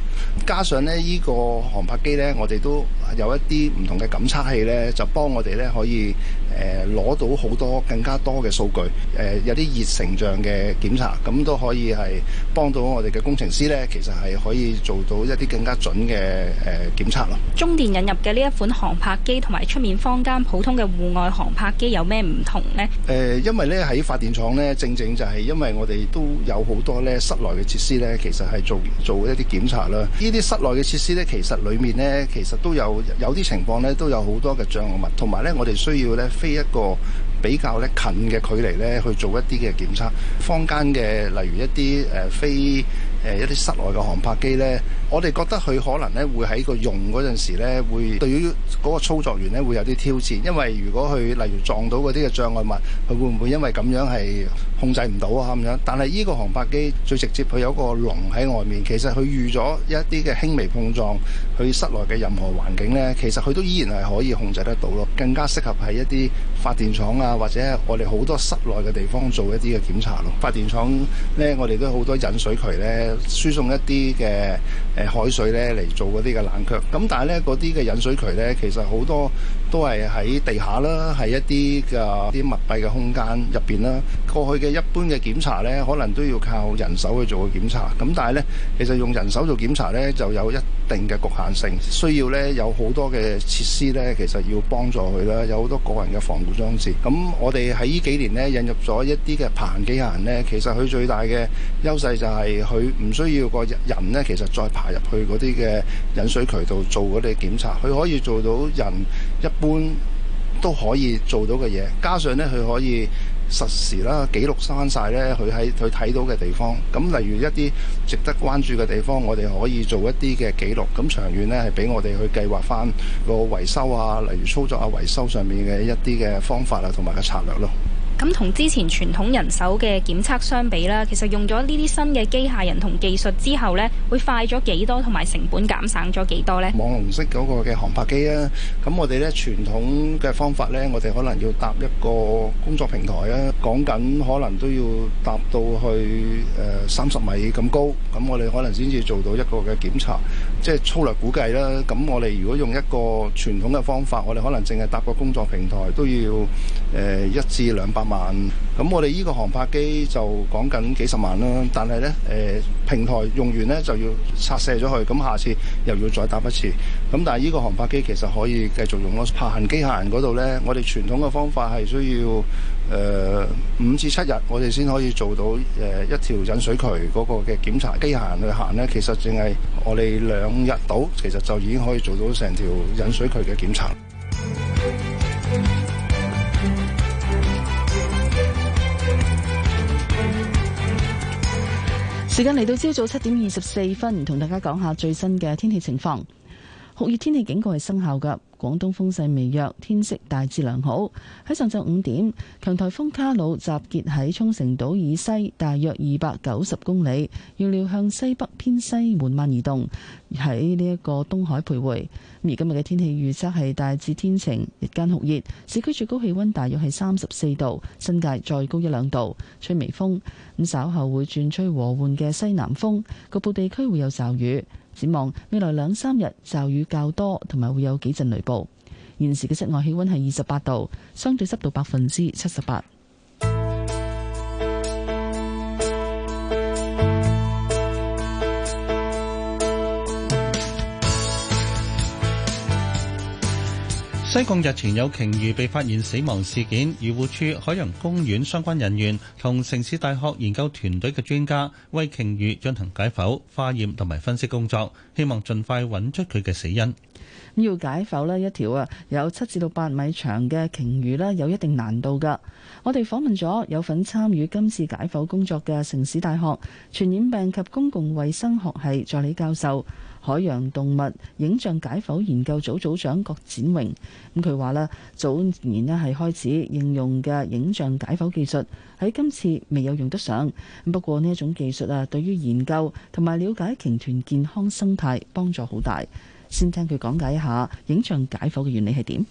加上呢，呢個航拍機呢，我哋都有一啲唔同嘅感測器呢，就幫我哋呢可以。誒攞到好多更加多嘅數據，誒、呃、有啲熱成像嘅檢查，咁都可以係幫到我哋嘅工程師呢。其實係可以做到一啲更加準嘅誒檢查咯。呃、中電引入嘅呢一款航拍機同埋出面坊間普通嘅戶外航拍機有咩唔同呢？誒、呃，因為呢喺發電廠呢正正就係因為我哋都有好多呢室內嘅設施呢其實係做做一啲檢查啦。呢啲室內嘅設施呢其實裡面呢，其實都有有啲情況呢都有好多嘅障礙物，同埋呢我哋需要呢。非一個比較咧近嘅距離咧去做一啲嘅檢測，坊間嘅例如一啲誒、非。誒一啲室內嘅航拍機呢，我哋覺得佢可能呢會喺個用嗰陣時呢，會對於嗰個操作員呢會有啲挑戰。因為如果佢例如撞到嗰啲嘅障礙物，佢會唔會因為咁樣係控制唔到啊？咁樣，但係呢個航拍機最直接佢有個籠喺外面，其實佢預咗一啲嘅輕微碰撞，佢室內嘅任何環境呢，其實佢都依然係可以控制得到咯，更加適合係一啲。發電廠啊，或者我哋好多室內嘅地方做一啲嘅檢查咯。發電廠呢，我哋都好多引水渠呢，輸送一啲嘅誒海水呢嚟做嗰啲嘅冷卻。咁但係呢，嗰啲嘅引水渠呢，其實好多。都係喺地下啦，係一啲嘅啲密閉嘅空間入邊啦。過去嘅一般嘅檢查呢，可能都要靠人手去做個檢查。咁但係呢，其實用人手做檢查呢，就有一定嘅局限性，需要呢，有好多嘅設施呢，其實要幫助佢啦。有好多個人嘅防護裝置。咁我哋喺呢幾年呢，引入咗一啲嘅爬行機械人呢，其實佢最大嘅優勢就係佢唔需要個人呢，其實再爬入去嗰啲嘅引水渠道做嗰啲檢查，佢可以做到人，一般都可以做到嘅嘢，加上呢，佢可以實時啦記錄刪晒呢，佢喺佢睇到嘅地方。咁例如一啲值得關注嘅地方，我哋可以做一啲嘅記錄，咁長遠呢，係俾我哋去計劃翻個維修啊，例如操作啊維修上面嘅一啲嘅方法啊，同埋個策略咯。啊咁同之前傳統人手嘅檢測相比啦，其實用咗呢啲新嘅機械人同技術之後咧，會快咗幾多同埋成本減省咗幾多咧？網龍式嗰個嘅航拍機啊，咁我哋咧傳統嘅方法咧，我哋可能要搭一個工作平台啊，講緊可能都要搭到去誒三十米咁高，咁我哋可能先至做到一個嘅檢查，即係粗略估計啦。咁我哋如果用一個傳統嘅方法，我哋可能淨係搭個工作平台都要誒一至兩百萬。萬咁、嗯，我哋呢個航拍機就講緊幾十萬啦。但係呢誒、呃，平台用完呢就要拆卸咗佢，咁下次又要再打一次。咁、嗯、但係呢個航拍機其實可以繼續用咯。爬行機械人嗰度呢，我哋傳統嘅方法係需要誒五至七日，呃、我哋先可以做到誒、呃、一條引水渠嗰個嘅檢查。機械人去行呢，其實淨係我哋兩日到，其實就已經可以做到成條引水渠嘅檢查。 [music] 時間嚟到朝早七點二十四分，同大家講下最新嘅天氣情況。酷熱天氣警告係生效嘅，廣東風勢微弱，天色大致良好。喺上晝五點，強台風卡努集結喺沖繩島以西，大約二百九十公里，預料向西北偏西緩慢移動，喺呢一個東海徘徊。而今日嘅天氣預測係大致天晴，日間酷熱，市區最高氣溫大約係三十四度，新界再高一兩度，吹微風。咁稍後會轉吹和緩嘅西南風，局部地區會有驟雨。展望未來兩三日驟雨較多，同埋會有幾陣雷暴。現時嘅室外氣温係二十八度，相對濕度百分之七十八。西貢日前有鯨魚被發現死亡事件，漁護處海洋公園相關人員同城市大學研究團隊嘅專家為鯨魚進行解剖、化驗同埋分析工作，希望盡快揾出佢嘅死因。要解剖呢一條啊，有七至到八米長嘅鯨魚呢，有一定難度㗎。我哋訪問咗有份參與今次解剖工作嘅城市大學傳染病及公共衛生學系助理教授、海洋動物影像解剖研究組組，組長郭展榮。咁佢話咧，早年呢係開始應用嘅影像解剖技術喺今次未有用得上。不過呢一種技術啊，對於研究同埋了解鯨豚健康生態幫助好大。先聽佢講解一下影像解剖嘅原理係點。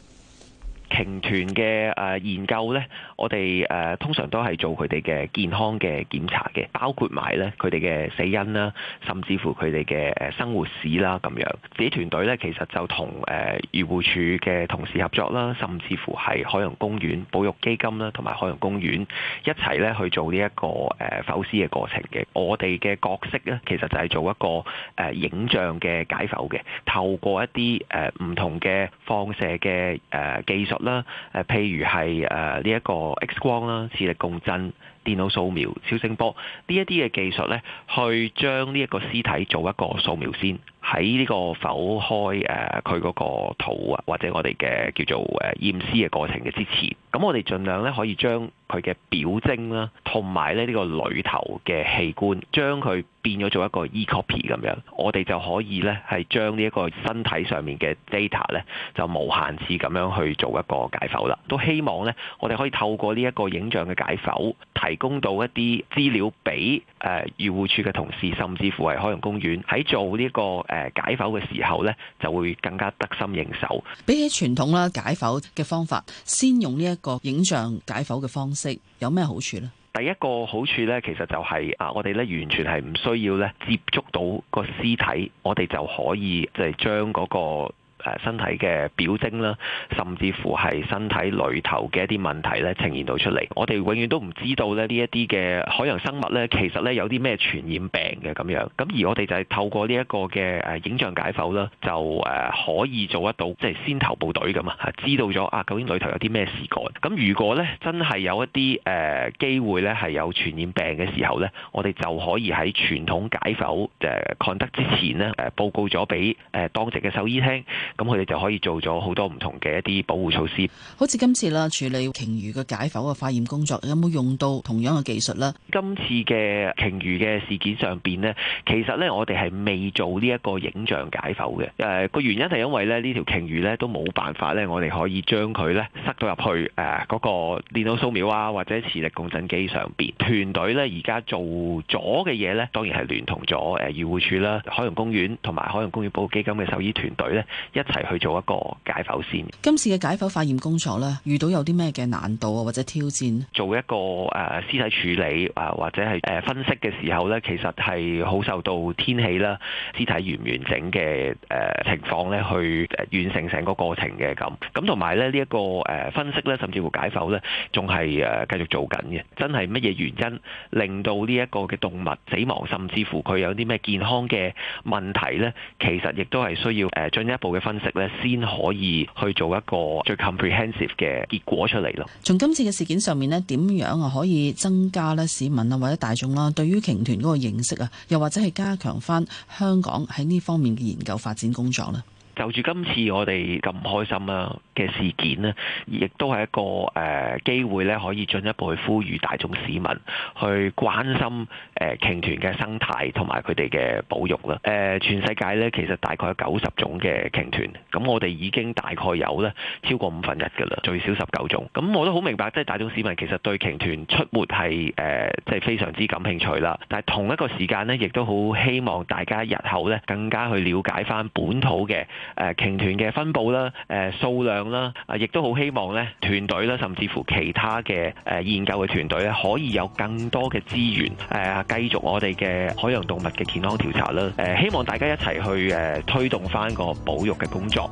鯨豚嘅誒研究咧，我哋誒通常都係做佢哋嘅健康嘅檢查嘅，包括埋咧佢哋嘅死因啦，甚至乎佢哋嘅誒生活史啦咁樣。自己團隊咧其實就同誒漁護署嘅同事合作啦，甚至乎係海洋公園保育基金啦，同埋海洋公園一齊咧去做呢一個誒剖屍嘅過程嘅。我哋嘅角色咧，其實就係做一個誒影像嘅解剖嘅，透過一啲誒唔同嘅放射嘅誒技術。啦，誒，譬如係誒呢一個 X 光啦，磁力共振、電腦掃描、超聲波呢一啲嘅技術呢，去將呢一個屍體做一個掃描先，喺呢個剖開誒佢嗰個肚啊，或者我哋嘅叫做誒驗屍嘅過程嘅之前，咁我哋儘量呢可以將佢嘅表徵啦，同埋咧呢個裡頭嘅器官，將佢變咗做一個 e-copy 咁樣，我哋就可以呢係將呢一個身體上面嘅 data 呢，就無限次咁樣去做一個解剖啦。都希望呢，我哋可以透過呢一個影像嘅解剖睇。提供到一啲資料俾誒漁護署嘅同事，甚至乎係海洋公園喺做呢個誒解剖嘅時候呢，就會更加得心應手。比起傳統啦解剖嘅方法，先用呢一個影像解剖嘅方式，有咩好處呢？第一個好處呢，其實就係、是、啊，我哋呢，完全係唔需要呢接觸到個屍體，我哋就可以就係將嗰、那個。誒身體嘅表徵啦，甚至乎係身體裡頭嘅一啲問題咧，呈現到出嚟。我哋永遠都唔知道咧呢一啲嘅海洋生物咧，其實咧有啲咩傳染病嘅咁樣。咁而我哋就係透過呢一個嘅誒影像解剖啦，就誒可以做得到，即係先頭部隊㗎嘛，知道咗啊究竟裡頭有啲咩事幹。咁、啊、如果咧真係有一啲誒機會咧係有傳染病嘅時候咧，我哋就可以喺傳統解剖誒抗得之前咧，誒、呃、報告咗俾誒當值嘅獸醫聽。咁佢哋就可以做咗好多唔同嘅一啲保護措施。好似今次啦，處理鯨魚嘅解剖嘅化驗工作，有冇用到同樣嘅技術咧？今次嘅鯨魚嘅事件上邊咧，其實咧我哋係未做呢一個影像解剖嘅。誒、呃、個原因係因為咧呢條鯨魚咧都冇辦法咧，我哋可以將佢咧塞到入去誒嗰、呃那個電腦掃描啊或者磁力共振機上邊，團隊咧而家做咗嘅嘢咧，當然係聯同咗誒漁護署啦、海洋公園同埋海洋公園保護基金嘅獸醫團隊咧。一齊去做一個解剖先。今次嘅解剖化驗工作咧，遇到有啲咩嘅難度啊，或者挑戰？做一個誒屍、呃、體處理誒，或者係誒、呃、分析嘅時候咧，其實係好受到天氣啦、屍體完唔完整嘅誒、呃、情況咧，去完成成個過程嘅咁。咁同埋咧，呢一、這個誒分析咧，甚至乎解剖咧，仲係誒繼續做緊嘅。真係乜嘢原因令到呢一個嘅動物死亡，甚至乎佢有啲咩健康嘅問題咧？其實亦都係需要誒進一步嘅分析。分析咧，先可以去做一個最 comprehensive 嘅結果出嚟咯。從今次嘅事件上面咧，點樣啊可以增加咧市民啊或者大眾啦，對於鯨團嗰個認識啊，又或者係加強翻香港喺呢方面嘅研究發展工作咧？就住今次我哋咁唔開心啦嘅事件咧，亦都係一個誒機、呃、會咧，可以進一步去呼籲大眾市民去關心誒鯨、呃、豚嘅生態同埋佢哋嘅保育啦。誒、呃，全世界咧其實大概有九十種嘅鯨豚，咁我哋已經大概有咧超過五分一噶啦，最少十九種，咁我都好明白，即、呃、係大眾市民其實對鯨豚出沒係誒即係非常之感興趣啦。但係同一個時間咧，亦都好希望大家日後咧更加去了解翻本土嘅。誒鯨豚嘅分佈啦、誒、呃、數量啦，啊、呃，亦都好希望咧團隊啦，甚至乎其他嘅誒、呃、研究嘅團隊咧，可以有更多嘅資源誒、呃，繼續我哋嘅海洋動物嘅健康調查啦。誒、呃，希望大家一齊去誒、呃、推動翻個保育嘅工作。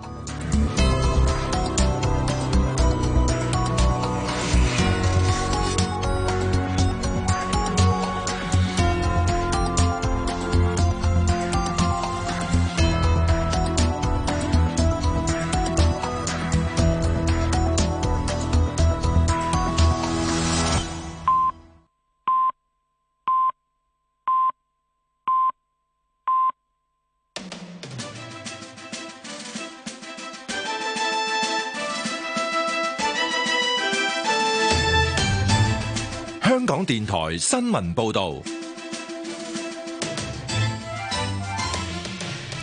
電台新聞報道。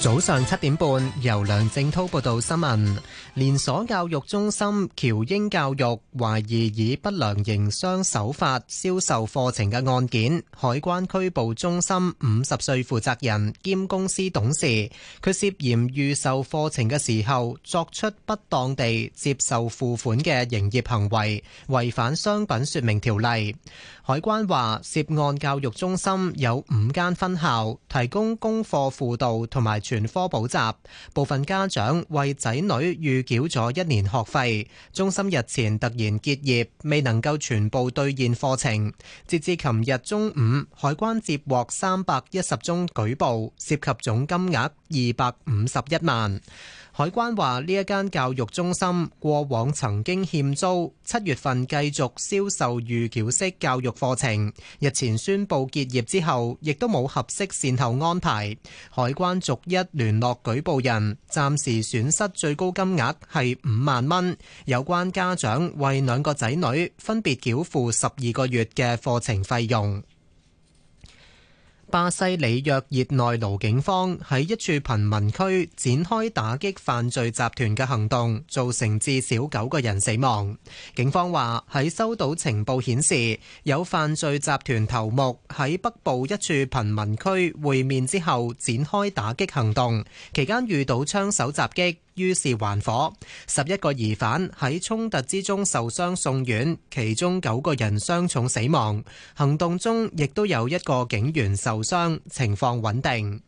早上七點半，由梁正濤報道新聞。連鎖教育中心喬英教育懷疑以不良營商手法銷售課程嘅案件，海關拘捕中心五十歲負責人兼公司董事，佢涉嫌預售課程嘅時候作出不當地接受付款嘅營業行為，違反商品說明條例。海關話，涉案教育中心有五間分校，提供功課輔導同埋全。全科補習，部分家長為仔女預繳咗一年學費。中心日前突然結業，未能夠全部兌現課程。截至琴日中午，海關接獲三百一十宗舉報，涉及總金額二百五十一萬。海關話：呢一間教育中心過往曾經欠租，七月份繼續銷售預繳式教育課程。日前宣佈結業之後，亦都冇合適善後安排。海關逐一聯絡舉報人，暫時損失最高金額係五萬蚊。有關家長為兩個仔女分別繳付十二個月嘅課程費用。巴西里約熱內盧警方喺一處貧民區展開打擊犯罪集團嘅行動，造成至少九個人死亡。警方話，喺收到情報顯示，有犯罪集團頭目喺北部一處貧民區會面之後展開打擊行動，期間遇到槍手襲擊。於是還火，十一個疑犯喺衝突之中受傷送院，其中九個人傷重死亡。行動中亦都有一個警員受傷，情況穩定。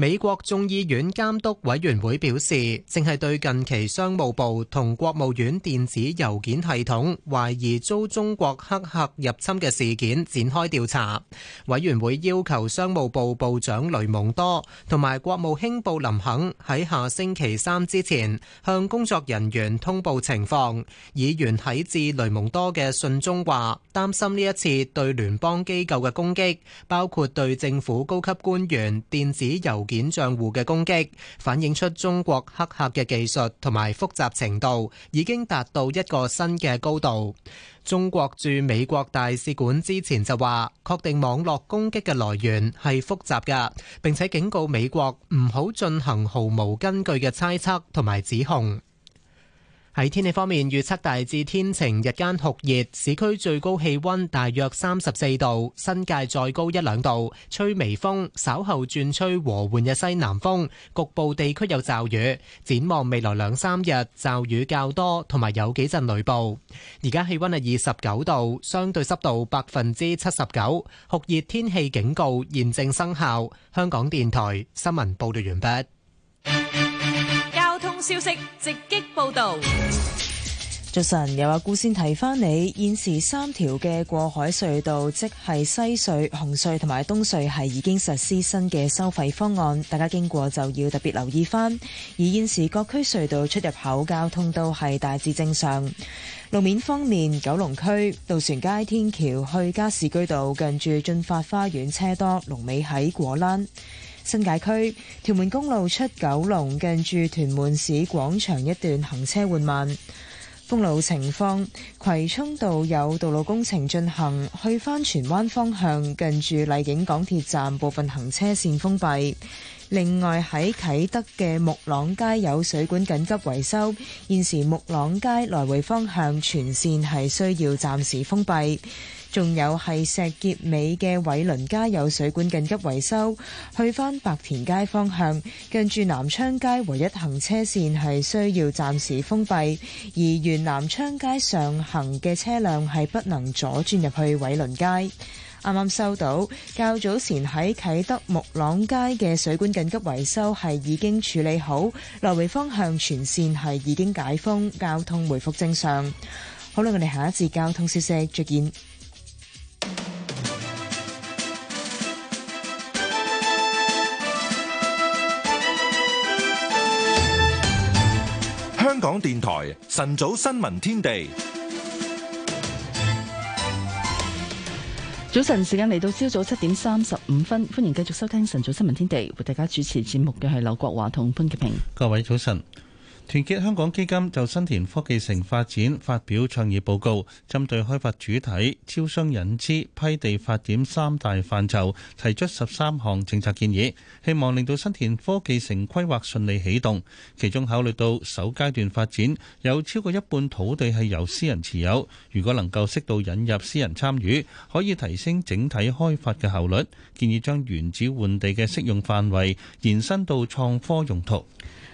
美國眾議院監督委員會表示，正係對近期商務部同國務院電子郵件系統懷疑遭中國黑客入侵嘅事件展開調查。委員會要求商務部部長雷蒙多同埋國務卿布林肯喺下星期三之前向工作人員通報情況。議員喺致雷蒙多嘅信中話，擔心呢一次對聯邦機構嘅攻擊，包括對政府高級官員電子郵件件賬戶嘅攻擊，反映出中國黑客嘅技術同埋複雜程度已經達到一個新嘅高度。中國駐美國大使館之前就話，確定網絡攻擊嘅來源係複雜噶，並且警告美國唔好進行毫無根據嘅猜測同埋指控。喺天氣方面，預測大致天晴，日間酷熱，市區最高氣溫大約三十四度，新界再高一兩度，吹微風，稍後轉吹和緩嘅西南風，局部地區有驟雨。展望未來兩三日，驟雨較多，同埋有幾陣雷暴。而家氣溫係二十九度，相對濕度百分之七十九，酷熱天氣警告現正生效。香港電台新聞報道完畢。消息直擊報道，早晨又話，有先提翻你。現時三條嘅過海隧道，即係西隧、紅隧同埋東隧，係已經實施新嘅收費方案，大家經過就要特別留意翻。而現時各區隧道出入口交通都係大致正常。路面方面，九龍區渡船街天橋去加士居道近住駿發花園車多，龍尾喺果欄。新界區屯門公路出九龍近住屯門市廣場一段行車緩慢。封路情況：葵涌道有道路工程進行，去返荃灣方向近住麗景港鐵站部分行車線封閉。另外喺啟德嘅木朗街有水管緊急維修，現時木朗街來回方向全線係需要暫時封閉。仲有係石硤尾嘅偉倫街有水管緊急維修，去返白田街方向跟住南昌街唯一行車線係需要暫時封閉，而沿南昌街上行嘅車輛係不能左轉入去偉倫街。啱啱收到較早前喺啟德木朗街嘅水管緊急維修係已經處理好，來回方向全線係已經解封，交通回復正常。好啦，我哋下一節交通消息，再見。香港電台晨早新聞天地，早晨時間嚟到朝早七點三十五分，歡迎繼續收聽晨早新聞天地，為大家主持節目嘅係劉國華同潘潔平。各位早晨。團結香港基金就新田科技城發展發表倡議報告，針對開發主體、招商引資、批地發展三大範疇，提出十三項政策建議，希望令到新田科技城規劃順利啟動。其中考慮到首階段發展有超過一半土地係由私人持有，如果能夠適度引入私人參與，可以提升整體開發嘅效率。建議將原址換地嘅適用範圍延伸到創科用途。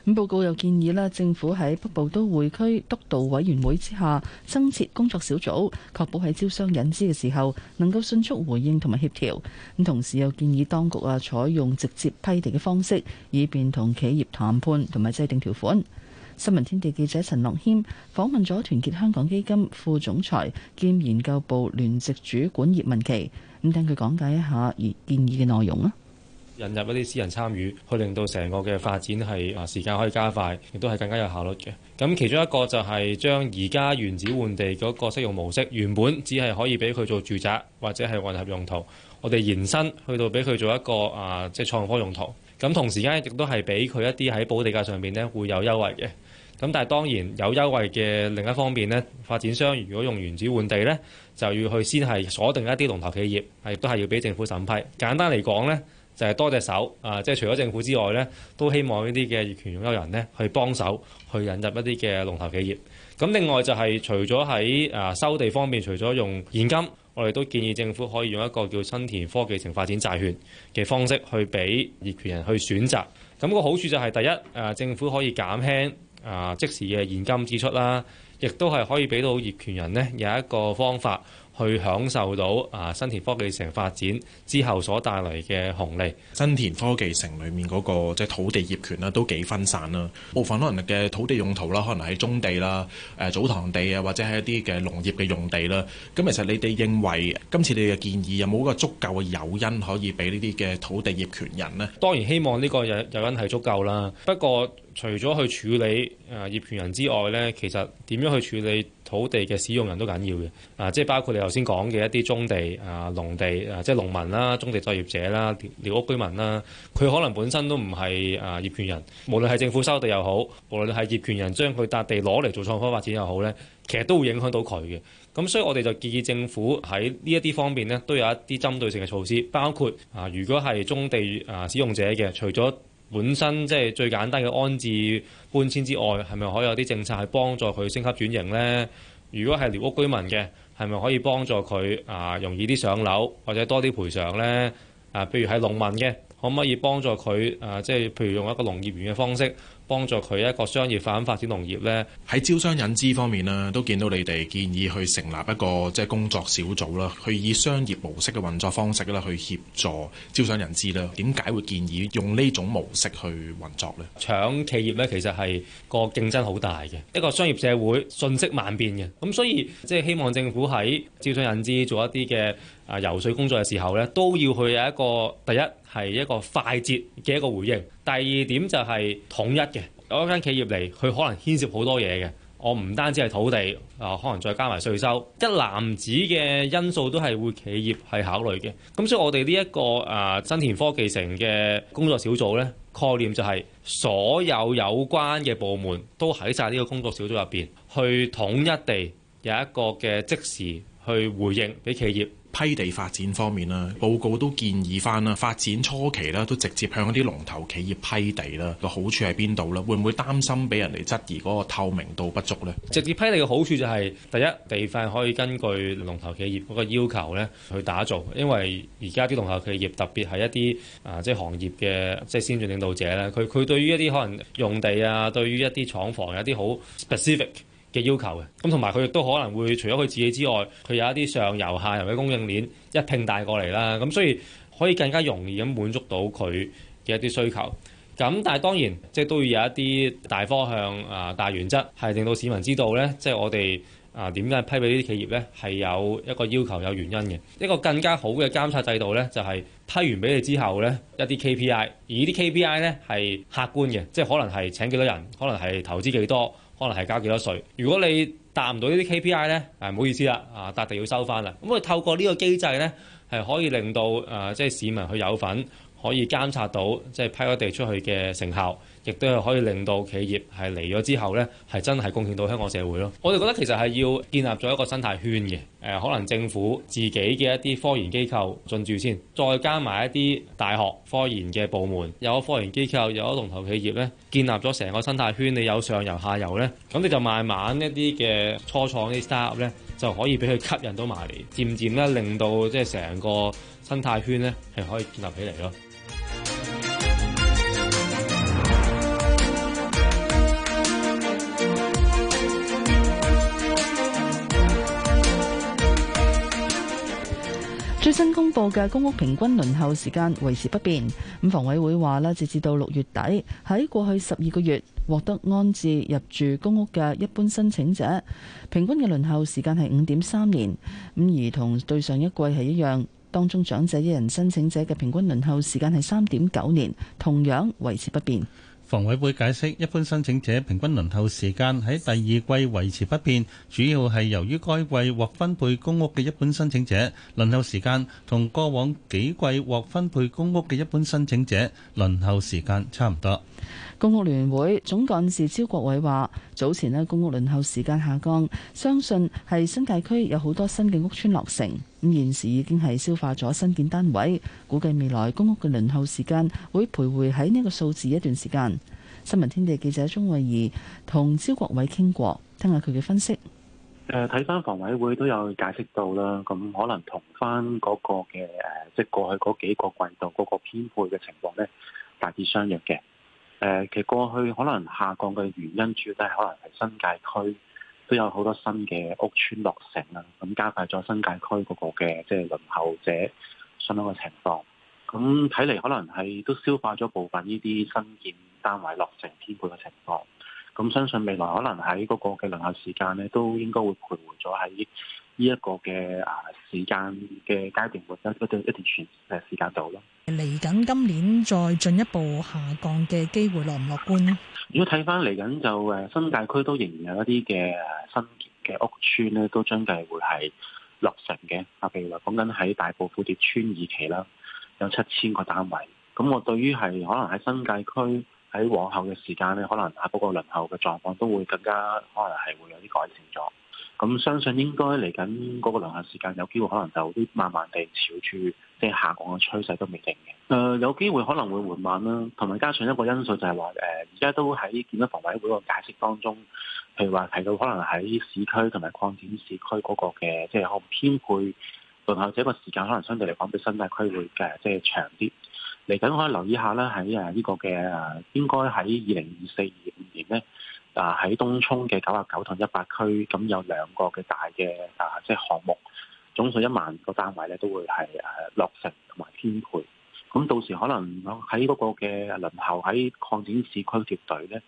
咁報告又建議啦，政府喺北部都會區督導委員會之下增設工作小組，確保喺招商引資嘅時候能夠迅速回應同埋協調，咁同時又建議當局啊採用直接批地嘅方式，以便同企業談判同埋制定條款。新聞天地記者陳樂謙訪問咗團結香港基金副總裁兼研究部聯席主管葉文琪，咁聽佢講解一下而建議嘅內容啦。引入一啲私人參與，去令到成個嘅發展係、啊、時間可以加快，亦都係更加有效率嘅。咁其中一個就係將而家原址換地嗰個適用模式，原本只係可以俾佢做住宅或者係混合用途，我哋延伸去到俾佢做一個啊，即係創科用途。咁同時間亦都係俾佢一啲喺保地價上邊呢會有優惠嘅。咁但係當然有優惠嘅另一方面呢，發展商如果用原址換地呢，就要去先係鎖定一啲龍頭企業，亦都係要俾政府審批。簡單嚟講呢。就係多隻手，啊，即係除咗政府之外呢都希望呢啲嘅業權擁有人呢去幫手去引入一啲嘅龍頭企業。咁另外就係除咗喺啊收地方面，除咗用現金，我哋都建議政府可以用一個叫新田科技城發展債券嘅方式去俾業權人去選擇。咁個好處就係第一，誒、啊、政府可以減輕啊即時嘅現金支出啦，亦、啊、都係可以俾到業權人呢有一個方法。去享受到啊新田科技城發展之後所帶嚟嘅紅利。新田科技城裏面嗰、那個即係、就是、土地業權啦，都幾分散啦。部分可能嘅土地用途啦，可能係棕地啦、誒祖堂地啊，或者係一啲嘅農業嘅用地啦。咁其實你哋認為今次你哋嘅建議有冇一個足夠嘅誘因可以俾呢啲嘅土地業權人咧？當然希望呢個誘誘因係足夠啦。不過除咗去處理誒業權人之外咧，其實點樣去處理？土地嘅使用人都緊要嘅，啊，即係包括你頭先講嘅一啲棕地、啊農地、啊即係農民啦、棕、啊、地作業者啦、寮屋居民啦，佢、啊、可能本身都唔係啊業權人，無論係政府收地又好，無論係業權人將佢笪地攞嚟做創科發展又好咧，其實都會影響到佢嘅。咁所以我哋就建議政府喺呢一啲方面咧，都有一啲針對性嘅措施，包括啊，如果係棕地啊使用者嘅，除咗本身即係最簡單嘅安置搬遷之外，係咪可以有啲政策係幫助佢升級轉型咧？如果係寮屋居民嘅，係咪可以幫助佢啊容易啲上樓或者多啲賠償咧？啊，譬如係農民嘅，可唔可以幫助佢啊？即係譬如用一個農業員嘅方式。幫助佢一個商業化發展農業呢，喺招商引資方面呢，都見到你哋建議去成立一個即係、就是、工作小組啦，去以商業模式嘅運作方式啦，去協助招商引資啦。點解會建議用呢種模式去運作呢？搶企業呢，其實係個競爭好大嘅，一個商業社會，瞬息萬變嘅，咁所以即係、就是、希望政府喺招商引資做一啲嘅。啊！游說工作嘅時候咧，都要去有一個第一係一個快捷嘅一個回應。第二點就係統一嘅。有一間企業嚟，佢可能牽涉好多嘢嘅。我唔單止係土地啊，可能再加埋稅收一籃子嘅因素都係會企業係考慮嘅。咁所以我、這個，我哋呢一個啊新田科技城嘅工作小組呢，概念就係、是、所有有關嘅部門都喺晒呢個工作小組入邊，去統一地有一個嘅即時去回應俾企業。批地發展方面啦，報告都建議翻啦，發展初期啦，都直接向啲龍頭企業批地啦。個好處喺邊度咧？會唔會擔心俾人哋質疑嗰個透明度不足咧？直接批地嘅好處就係、是，第一，地塊可以根據龍頭企業嗰個要求咧去打造，因為而家啲龍頭企業特別係一啲啊、呃，即係行業嘅即係先進領導者咧，佢佢對於一啲可能用地啊，對於一啲廠房有一啲好 specific 嘅要求嘅，咁同埋佢亦都可能會除咗佢自己之外，佢有一啲上游下游嘅供應鏈一拼帶過嚟啦，咁所以可以更加容易咁滿足到佢嘅一啲需求。咁但係當然即係都要有一啲大方向啊、呃、大原則係令到市民知道咧，即係我哋啊點解批俾呢啲企業咧係有一個要求有原因嘅。一個更加好嘅監察制度咧，就係、是、批完俾你之後咧，一啲 KPI，而呢啲 KPI 咧係客觀嘅，即係可能係請幾多人，可能係投資幾多。可能係交幾多稅？如果你達唔到呢啲 KPI 咧，誒唔好意思啦，啊笪地要收翻啦。咁佢透過呢個機制咧，係可以令到誒、呃、即係市民去有份，可以監察到即係批咗地出去嘅成效。亦都係可以令到企業係嚟咗之後呢，係真係貢獻到香港社會咯。我哋覺得其實係要建立咗一個生態圈嘅，誒、呃，可能政府自己嘅一啲科研機構進駐先進駐，再加埋一啲大學科研嘅部門，有科研機構，有龍頭企業呢，呢建立咗成個生態圈，你有上游下游呢，咁你就慢慢一啲嘅初創啲 start up 呢，就可以俾佢吸引到埋嚟，漸漸咧令到即係成個生態圈呢，係可以建立起嚟咯。新公布嘅公屋平均輪候時間維持不變。咁房委會話啦，直至到六月底，喺過去十二個月獲得安置入住公屋嘅一般申請者，平均嘅輪候時間係五點三年。咁而同對上一季係一樣，當中長者一人申請者嘅平均輪候時間係三點九年，同樣維持不變。房委會解釋，一般申請者平均輪候時間喺第二季維持不變，主要係由於該季獲分配公屋嘅一般申請者輪候時間同過往幾季獲分配公屋嘅一般申請者輪候時間差唔多。公屋聯會總幹事招國偉話：早前呢，公屋輪候時間下降，相信係新界區有好多新嘅屋邨落成。咁現時已經係消化咗新建單位，估計未來公屋嘅輪候時間會徘徊喺呢個數字一段時間。新聞天地記者鍾慧儀同焦國偉傾過，聽下佢嘅分析。誒睇翻房委會都有解釋到啦，咁可能同翻嗰個嘅誒即係過去嗰幾個季度嗰個編配嘅情況咧，大致相若嘅。誒其實過去可能下降嘅原因，主要都係可能係新界區。都有好多新嘅屋邨落成啦，咁加快咗新界區嗰個嘅即係輪候者相當嘅情況。咁睇嚟可能係都消化咗部分呢啲新建單位落成編配嘅情況。咁相信未來可能喺嗰個嘅輪候時間咧，都應該會徘徊咗喺呢一個嘅啊時間嘅階段或者一啲一段時間度咯。嚟緊今年再進一步下降嘅機會樂唔樂觀呢？如果睇翻嚟緊就誒新界區都仍然有一啲嘅新嘅屋邨咧，都將計會係落成嘅。啊，譬如話講緊喺大埔富蝶邨二期啦，有七千個單位。咁我對於係可能喺新界區喺往後嘅時間咧，可能啊嗰個輪候嘅狀況都會更加可能係會有啲改善咗。咁相信應該嚟緊嗰個輪候時間有機會可能就啲慢慢地朝住即係下降嘅趨勢都未定嘅。誒、呃、有機會可能會緩慢啦，同埋加上一個因素就係話誒，而、呃、家都喺建築房委會個解釋當中，譬如話提到可能喺市區同埋擴展市區嗰個嘅即係可能編配輪候者個時間，可能相對嚟講比新界區會嘅，即、就、係、是、長啲。嚟緊可以留意下啦，喺誒呢個嘅應該喺二零二四二五年咧。啊！喺東涌嘅九十九同一百區，咁有兩個嘅大嘅啊，即係項目總數一萬個單位咧，都會係誒、啊、落成同埋編配。咁到時可能喺嗰個嘅輪候喺擴展市區接隊咧，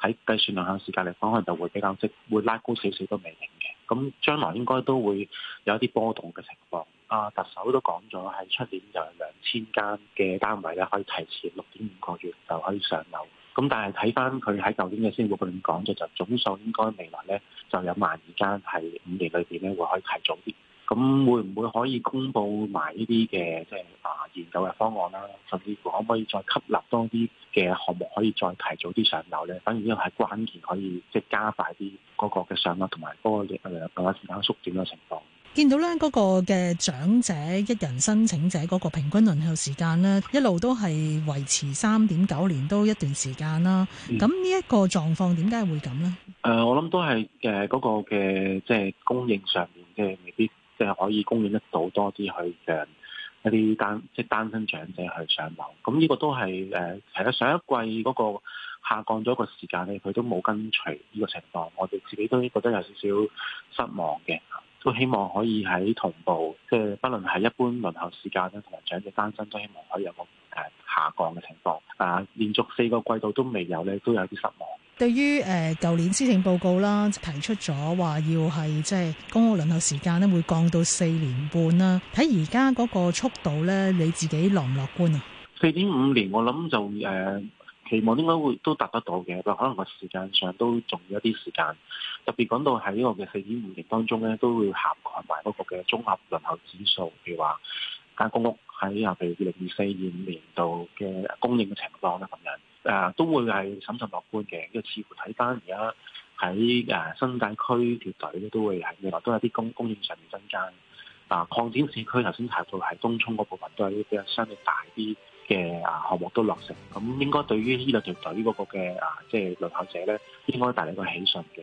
喺計算輪候時間嚟講，可能就會比較即會拉高少少都未定嘅。咁將來應該都會有一啲波動嘅情況。啊，特首都講咗喺出年有兩千間嘅單位咧，可以提前六點五個月就可以上樓。咁但係睇翻佢喺舊年嘅先報盤講咗，就總數應該未來咧就有萬二間喺五年裏邊咧會可以提早啲。咁會唔會可以公布埋呢啲嘅即係啊研究嘅方案啦？甚至乎可唔可以再吸納多啲嘅項目，可以再提早啲上樓咧？反而呢個係關鍵，可以即係加快啲嗰個嘅上樓同埋嗰個更加兩時間縮短嘅情況。見到咧，嗰個嘅長者一人申請者嗰個平均輪候時間咧，一路都係維持三點九年都一段時間啦。咁呢一個狀況點解會咁咧？誒、呃，我諗都係誒嗰個嘅即係供應上面嘅未必即係可以供應得到多啲去讓一啲單即係單身長者去上樓。咁呢個都係誒其實上一季嗰個下降咗個時間咧，佢都冇跟隨呢個情況，我哋自己都覺得有少少失望嘅。都希望可以喺同步，即係不論係一般輪候時間咧，同埋長者單身都希望可以有個誒下降嘅情況。啊，連續四個季度都未有咧，都有啲失望。對於誒舊、呃、年施政報告啦，提出咗話要係即係公屋輪候時間咧會降到四年半啦。喺而家嗰個速度咧，你自己樂唔樂觀啊？四點五年，我諗就誒。呃期望點解會都達得到嘅？但可能個時間上都仲有一啲時間。特別講到喺呢個嘅四點五年當中咧，都會涵蓋埋嗰個嘅綜合輪候指數，譬如話間公屋喺啊，譬如二零二四、二五年度嘅供應嘅情況啦。咁樣，誒、啊、都會係審慎樂觀嘅。因為似乎睇翻而家喺誒新界區條隊都會係未來都有啲供供應上面增加。啊，擴展市區頭先提到係東涌嗰部分，都係比較相對大啲。嘅啊，項目都落成，咁應該對於呢兩隊嗰個嘅啊，即係輪候者咧，應該帶嚟個喜訊嘅。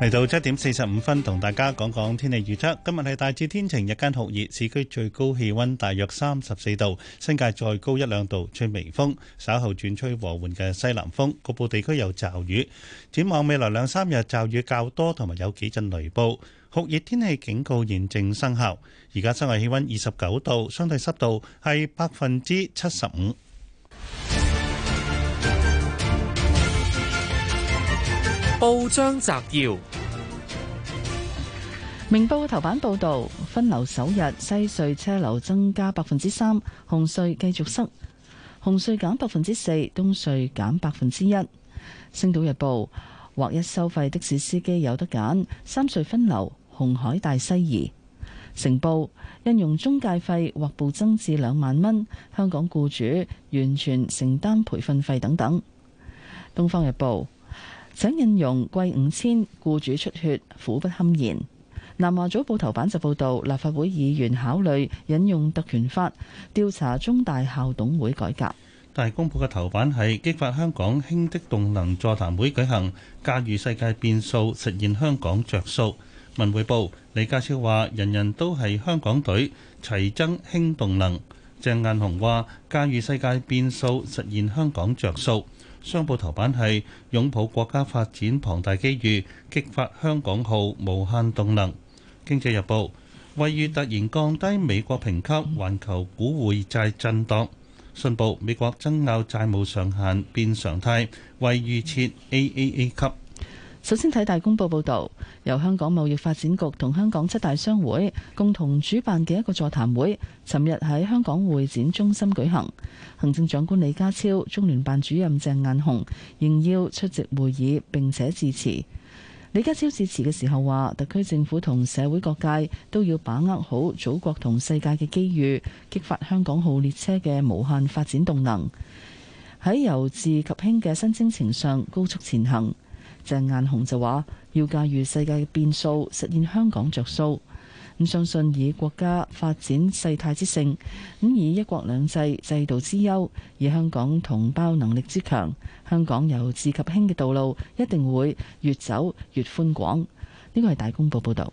嚟到七點四十五分，同大家講講天氣預測。今日係大致天晴，日間酷熱，市區最高氣溫大約三十四度，新界再高一兩度，吹微風，稍後轉吹和緩嘅西南風，局部地區有驟雨。展望未來兩三日，驟雨較多，同埋有幾陣雷暴。酷熱天氣警告現正生效。而家室外氣溫二十九度，相對濕度係百分之七十五。報章摘要：明報頭版報道分流首日西隧車流增加百分之三，紅隧繼續塞，紅隧減百分之四，東隧減百分之一。星島日報，劃一收費的士司機有得揀，三隧分流，紅海大西移。成報，印傭中介費或暴增至兩萬蚊，香港雇主完全承擔培訓費等等。東方日報。請引用貴五千，雇主出血苦不堪言。南華早報頭版就報導，立法會議員考慮引用特權法調查中大校董會改革。大公報嘅頭版係激發香港輕的動能座談會舉行，駕馭世界變數，實現香港着數。文匯報李家超話：人人都係香港隊，齊增輕動能。鄭雁雄話：駕馭世界變數，實現香港着數。商報頭版係擁抱國家發展龐大機遇，激發香港號無限動能。經濟日報，惠譽突然降低美國評級，環球股匯債震盪。信報，美國爭拗債務上限變常態，惠譽設 AAA 級。首先睇大公報報導，由香港貿易發展局同香港七大商會共同主辦嘅一個座談會，尋日喺香港會展中心舉行。行政長官李家超、中聯辦主任鄭雁雄，應邀出席會議並且致辭。李家超致辭嘅時候話，特區政府同社會各界都要把握好祖國同世界嘅機遇，激發香港號列車嘅無限發展動能，喺由治及興嘅新征程上高速前行。鄭雁雄就話：要駕馭世界嘅變數，實現香港着數。咁相信以國家發展勢態之盛，咁以一國兩制制度之優，以香港同胞能力之強，香港由治及興嘅道路一定會越走越寬廣。呢個係大公報報道。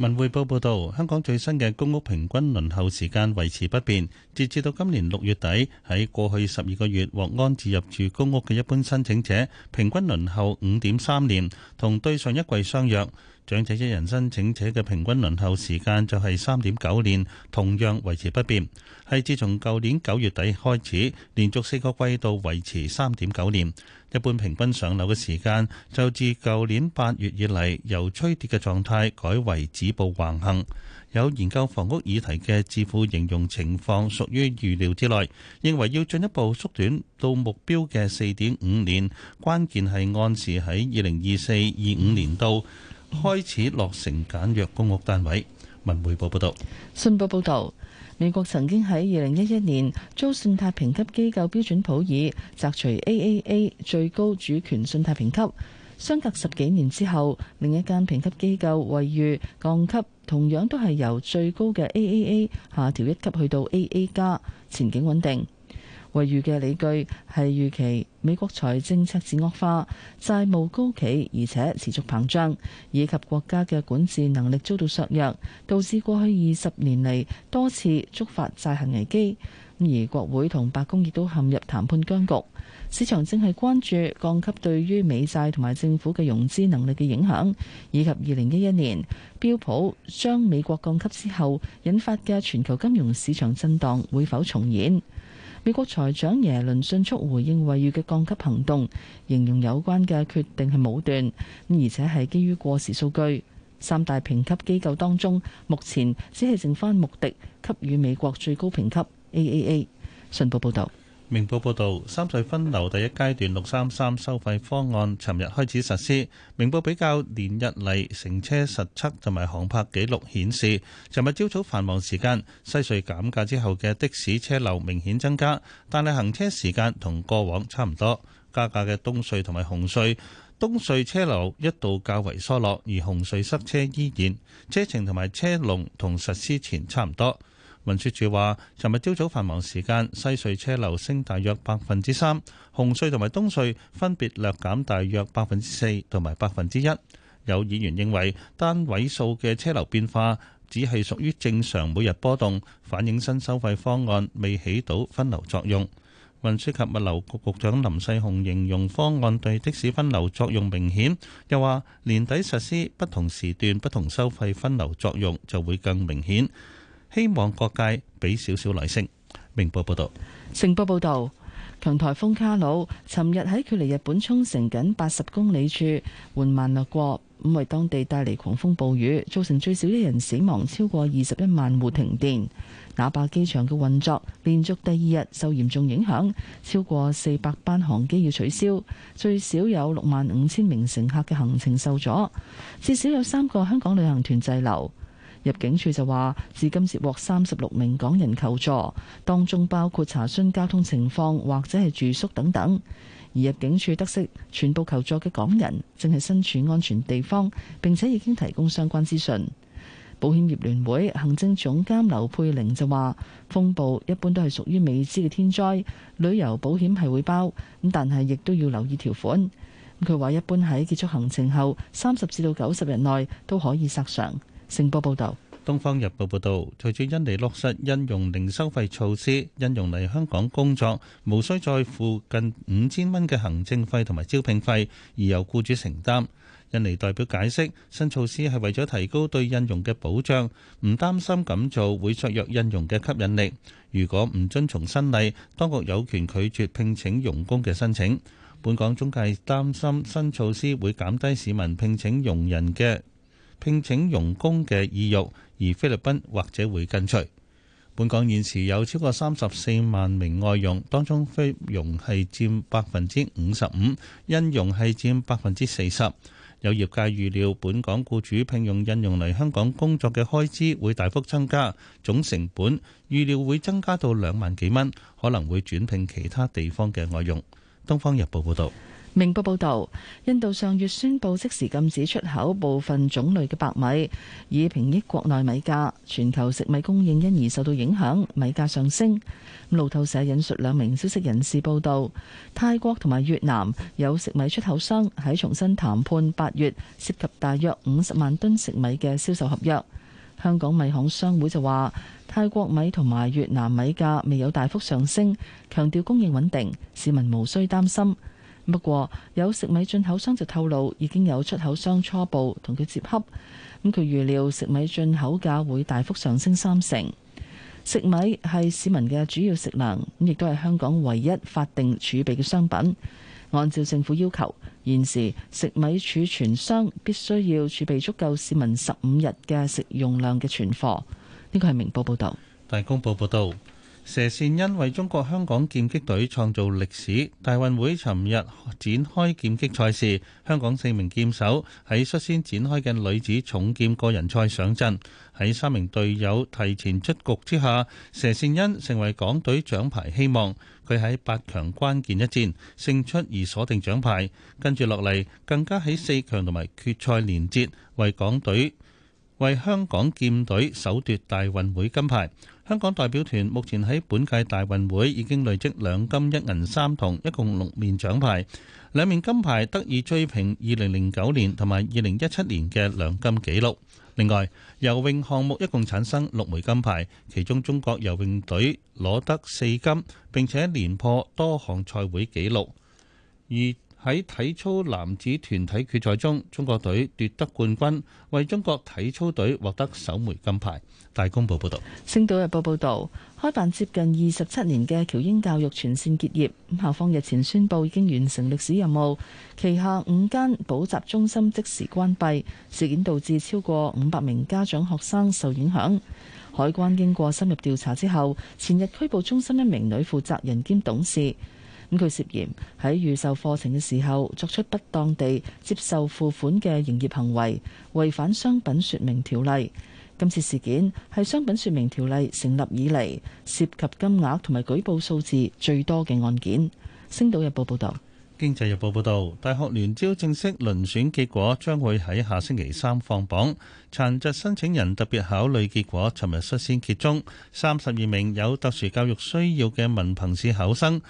文匯報報道，香港最新嘅公屋平均輪候時間維持不變。截至到今年六月底，喺過去十二個月獲安置入住公屋嘅一般申請者，平均輪候五點三年，同對上一季相若。長者一人申請者嘅平均輪候時間就係三點九年，同樣維持不變，係自從舊年九月底開始，連續四個季度維持三點九年。一般平均上樓嘅時間就自舊年八月以嚟由吹跌嘅狀態改為止步橫行，有研究房屋議題嘅智庫形容情況屬於預料之內，認為要進一步縮短到目標嘅四點五年，關鍵係按時喺二零二四二五年度開始落成簡約公屋單位。文匯報報道。信報報導。美國曾經喺二零一一年遭信貸評級機構標準普爾摘除 AAA 最高主權信貸評級，相隔十幾年之後，另一間評級機構惠譽降級，同樣都係由最高嘅 AAA 下調一級去到 AA 加，前景穩定。惠譽嘅理據係預期美國財政赤字惡化、債務高企，而且持續膨脹，以及國家嘅管治能力遭到削弱，導致過去二十年嚟多次觸發債行危機。而國會同白宮亦都陷入談判僵局，市場正係關注降級對於美債同埋政府嘅融資能力嘅影響，以及二零一一年標普將美國降級之後引發嘅全球金融市場震盪會否重演。美國財長耶倫迅速回應惠譽嘅降級行動，形容有關嘅決定係武斷，而且係基於過時數據。三大評級機構當中，目前只係剩翻穆迪給予美國最高評級 AAA。信報報道。明報報導，三隧分流第一階段六三三收費方案，尋日開始實施。明報比較連日嚟乘車實測同埋航拍記錄顯示，尋日朝早繁忙時間，西隧減價之後嘅的，的士車流明顯增加，但係行車時間同過往差唔多。加價嘅東隧同埋紅隧，東隧車流一度較為疏落，而紅隧塞車依然，車程同埋車龍同實施前差唔多。運輸署話，尋日朝早繁忙時間西隧車流升大約百分之三，紅隧同埋東隧分別略減大約百分之四同埋百分之一。有議員認為單位數嘅車流變化只係屬於正常每日波動，反映新收費方案未起到分流作用。運輸及物流局局長林世雄形容方案對的士分流作用明顯，又話年底實施不同時段不同收費分流作用就會更明顯。希望各界俾少少耐性。明報報道，成報報道，強颱風卡努尋日喺距離日本沖繩僅八十公里處緩慢掠過，為當地帶嚟狂風暴雨，造成最少一人死亡，超過二十一萬戶停電。那霸機場嘅運作連續第二日受嚴重影響，超過四百班航機要取消，最少有六萬五千名乘客嘅行程受阻，至少有三個香港旅行團滯留。入境處就話，至今接獲三十六名港人求助，當中包括查詢交通情況或者係住宿等等。而入境處得悉，全部求助嘅港人正係身處安全地方，並且已經提供相關資訊。保險業聯會行政總監劉佩玲就話，風暴一般都係屬於未知嘅天災，旅遊保險係會包咁，但係亦都要留意條款。佢話，一般喺結束行程後三十至到九十日內都可以索償。成報報導，《東方日報》報道，隨住印尼落實印傭零收費措施，印傭嚟香港工作無需再付近五千蚊嘅行政費同埋招聘費，而由僱主承擔。印尼代表解釋，新措施係為咗提高對印傭嘅保障，唔擔心咁做會削弱印傭嘅吸引力。如果唔遵從新例，當局有權拒絕聘請傭工嘅申請。本港中介擔心新措施會減低市民聘請傭人嘅。聘請傭工嘅意欲，而菲律賓或者會跟隨。本港現時有超過三十四萬名外傭，當中菲傭係佔百分之五十五，印傭係佔百分之四十。有業界預料，本港僱主聘用印傭嚟香港工作嘅開支會大幅增加，總成本預料會增加到兩萬幾蚊，可能會轉聘其他地方嘅外傭。《東方日報》報道。明報報導，印度上月宣布即時禁止出口部分種類嘅白米，以平抑國內米價。全球食米供應因而受到影響，米價上升。路透社引述兩名消息人士報導，泰國同埋越南有食米出口商喺重新談判八月涉及大約五十萬噸食米嘅銷售合約。香港米行商會就話，泰國米同埋越南米價未有大幅上升，強調供應穩定，市民無需擔心。不過，有食米進口商就透露，已經有出口商初步同佢接洽。咁佢預料食米進口價會大幅上升三成。食米係市民嘅主要食糧，咁亦都係香港唯一法定儲備嘅商品。按照政府要求，現時食米儲存商必須要儲備足夠市民十五日嘅食用量嘅存貨。呢個係明報報道。大公報報道。佘善欣為中國香港劍擊隊創造歷史。大運會尋日展開劍擊賽事，香港四名劍手喺率先展開嘅女子重劍個人賽上陣，喺三名隊友提前出局之下，佘善欣成為港隊獎牌希望。佢喺八強關鍵一戰勝出而鎖定獎牌，跟住落嚟更加喺四強同埋決賽連捷，為港隊、為香港劍隊首奪大運會金牌。香港代表團目前喺本屆大運會已經累積兩金一銀三銅，一共六面獎牌。兩面金牌得以追平二零零九年同埋二零一七年嘅兩金紀錄。另外，游泳項目一共產生六枚金牌，其中中國游泳隊攞得四金，並且連破多項賽會紀錄。而喺體操男子團體決賽中，中國隊奪得冠軍，為中國體操隊獲得首枚金牌。大公報報道。《星島日報》報道，開辦接近二十七年嘅喬英教育全線結業，咁校方日前宣布已經完成歷史任務，旗下五間補習中心即時關閉。事件導致超過五百名家長學生受影響。海關經過深入調查之後，前日拘捕中心一名女負責人兼董事。咁，佢涉嫌喺預售課程嘅時候，作出不當地接受付款嘅營業行為，違反商品說明條例。今次事件係商品說明條例成立以嚟，涉及金額同埋舉報數字最多嘅案件。星島日報報道。經濟日報報道，大學聯招正式遴選結果將會喺下星期三放榜。殘疾申請人特別考慮結果，尋日率先揭盅三十二名有特殊教育需要嘅文憑試考生。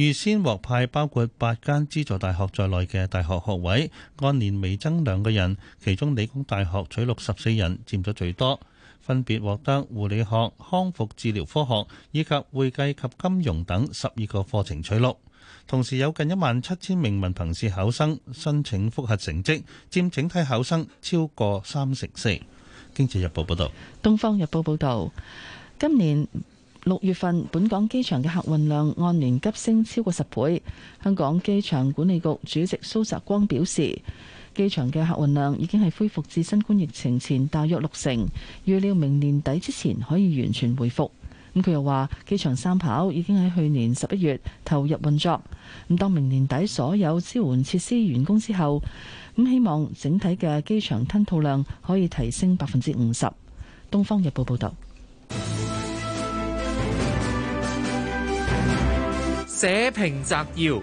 預先獲派包括八間資助大學在內嘅大學學位，按年微增兩個人，其中理工大學取錄十四人，佔咗最多，分別獲得護理學、康復治療科學以及會計及金融等十二個課程取錄。同時有近一萬七千名文憑試考生申請覆核成績，佔整體考生超過三成四。經濟日報報道，東方日報報道，今年。六月份，本港機場嘅客運量按年急升超過十倍。香港機場管理局主席蘇澤光表示，機場嘅客運量已經係恢復至新冠疫情前大約六成，預料明年底之前可以完全回復。咁佢又話，機場三跑已經喺去年十一月投入運作。咁當明年底所有支援設施完工之後，咁希望整體嘅機場吞吐量可以提升百分之五十。《東方日報》報導。社評摘要，《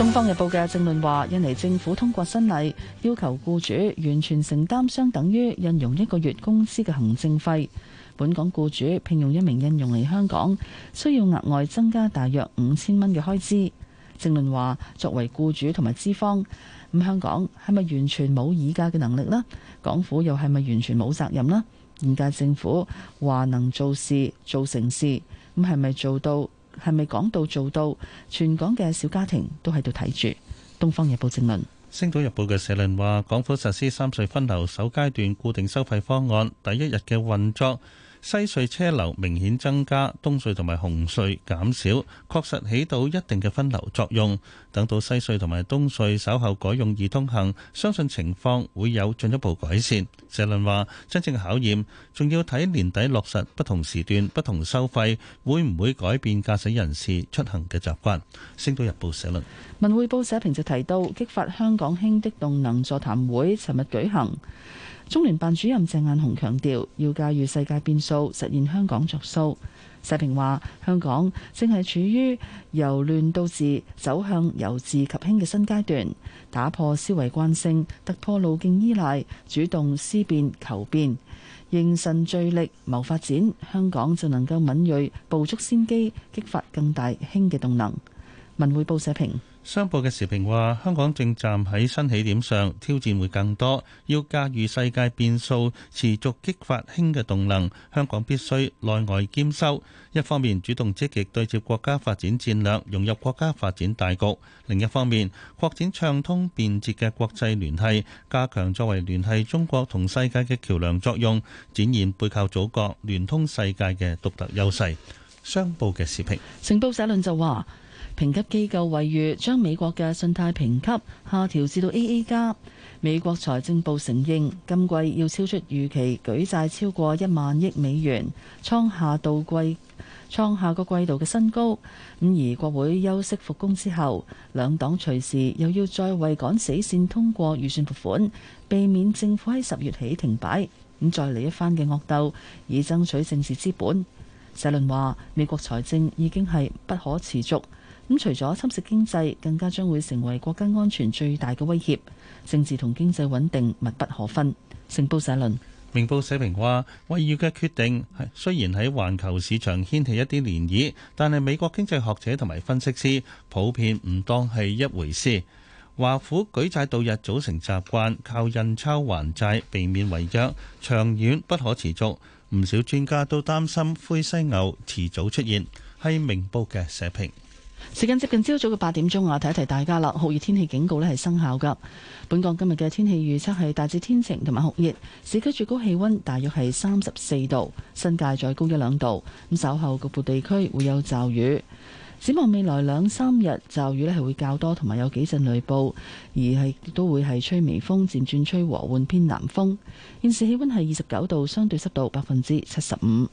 東方日報》嘅正論話，印尼政府通過新例，要求僱主完全承擔相等於印傭一個月工資嘅行政費。本港僱主聘用一名印傭嚟香港，需要額外增加大約五千蚊嘅開支。正論話，作為僱主同埋資方，咁香港係咪完全冇議價嘅能力呢？港府又係咪完全冇責任呢？現屆政府話能做事，做成事。咁，係咪、嗯、做到？係咪講到做到？全港嘅小家庭都喺度睇住《東方日報》社論。《星島日報》嘅社論話，港府實施三隧分流首階段固定收費方案第一日嘅運作。西隧車流明顯增加，東隧同埋紅隧減少，確實起到一定嘅分流作用。等到西隧同埋東隧稍後改用易通行，相信情況會有進一步改善。社論話：真正嘅考驗，仲要睇年底落實不同時段不同收費，會唔會改變駕駛人士出行嘅習慣。星島日報社論，文匯報社評就提到，激發香港輕的動能座談會，尋日舉行。中聯辦主任鄭雁雄強調，要駕馭世界變數，實現香港著數。社評話，香港正係處於由亂到治，走向由治及興嘅新階段，打破思維慣性，突破路徑依賴，主動思變求變，凝神聚力謀發展，香港就能夠敏鋭捕捉先機，激發更大興嘅動能。文匯報社評。商報嘅時評話：香港正站喺新起點上，挑戰會更多，要駕馭世界變數，持續激發興嘅動能。香港必須內外兼收，一方面主動積極對接國家發展戰略，融入國家發展大局；另一方面，擴展暢通便捷嘅國際聯繫，加強作為聯繫中國同世界嘅橋樑作用，展現背靠祖國、聯通世界嘅獨特優勢。商報嘅時評。成報社論就話。評級機構惠譽將美國嘅信貸評級下調至到 A A 加。美國財政部承認今季要超出預期舉債超過一萬億美元，創下度季創下個季度嘅新高。咁而國會休息復工之後，兩黨隨時又要再為趕死線通過預算撥款，避免政府喺十月起停擺，咁再嚟一番嘅惡鬥，以爭取政治資本。社論話：美國財政已經係不可持續。咁除咗侵蝕經濟，更加將會成為國家安全最大嘅威脅。政治同經濟穩定密不可分。《明報社論》明報社評話，惠譽嘅決定雖然喺環球市場掀起一啲漣漪，但係美國經濟學者同埋分析師普遍唔當係一回事。華府舉債度日，早成習慣，靠印鈔還債，避免違約，長遠不可持續。唔少專家都擔心灰犀牛遲早出現，係《明報》嘅社評。時間接近朝早嘅八點鐘啊，提一提大家啦，酷熱天氣警告咧，係生效噶本港今日嘅天氣預測係大致天晴同埋酷熱，市區最高氣溫大約係三十四度，新界再高一兩度。咁稍後局部地區會有驟雨，展望未來兩三日驟雨咧，係會較多，同埋有幾陣雷暴，而係都會係吹微風，漸轉吹和緩偏南風。現時氣溫係二十九度，相對濕度百分之七十五。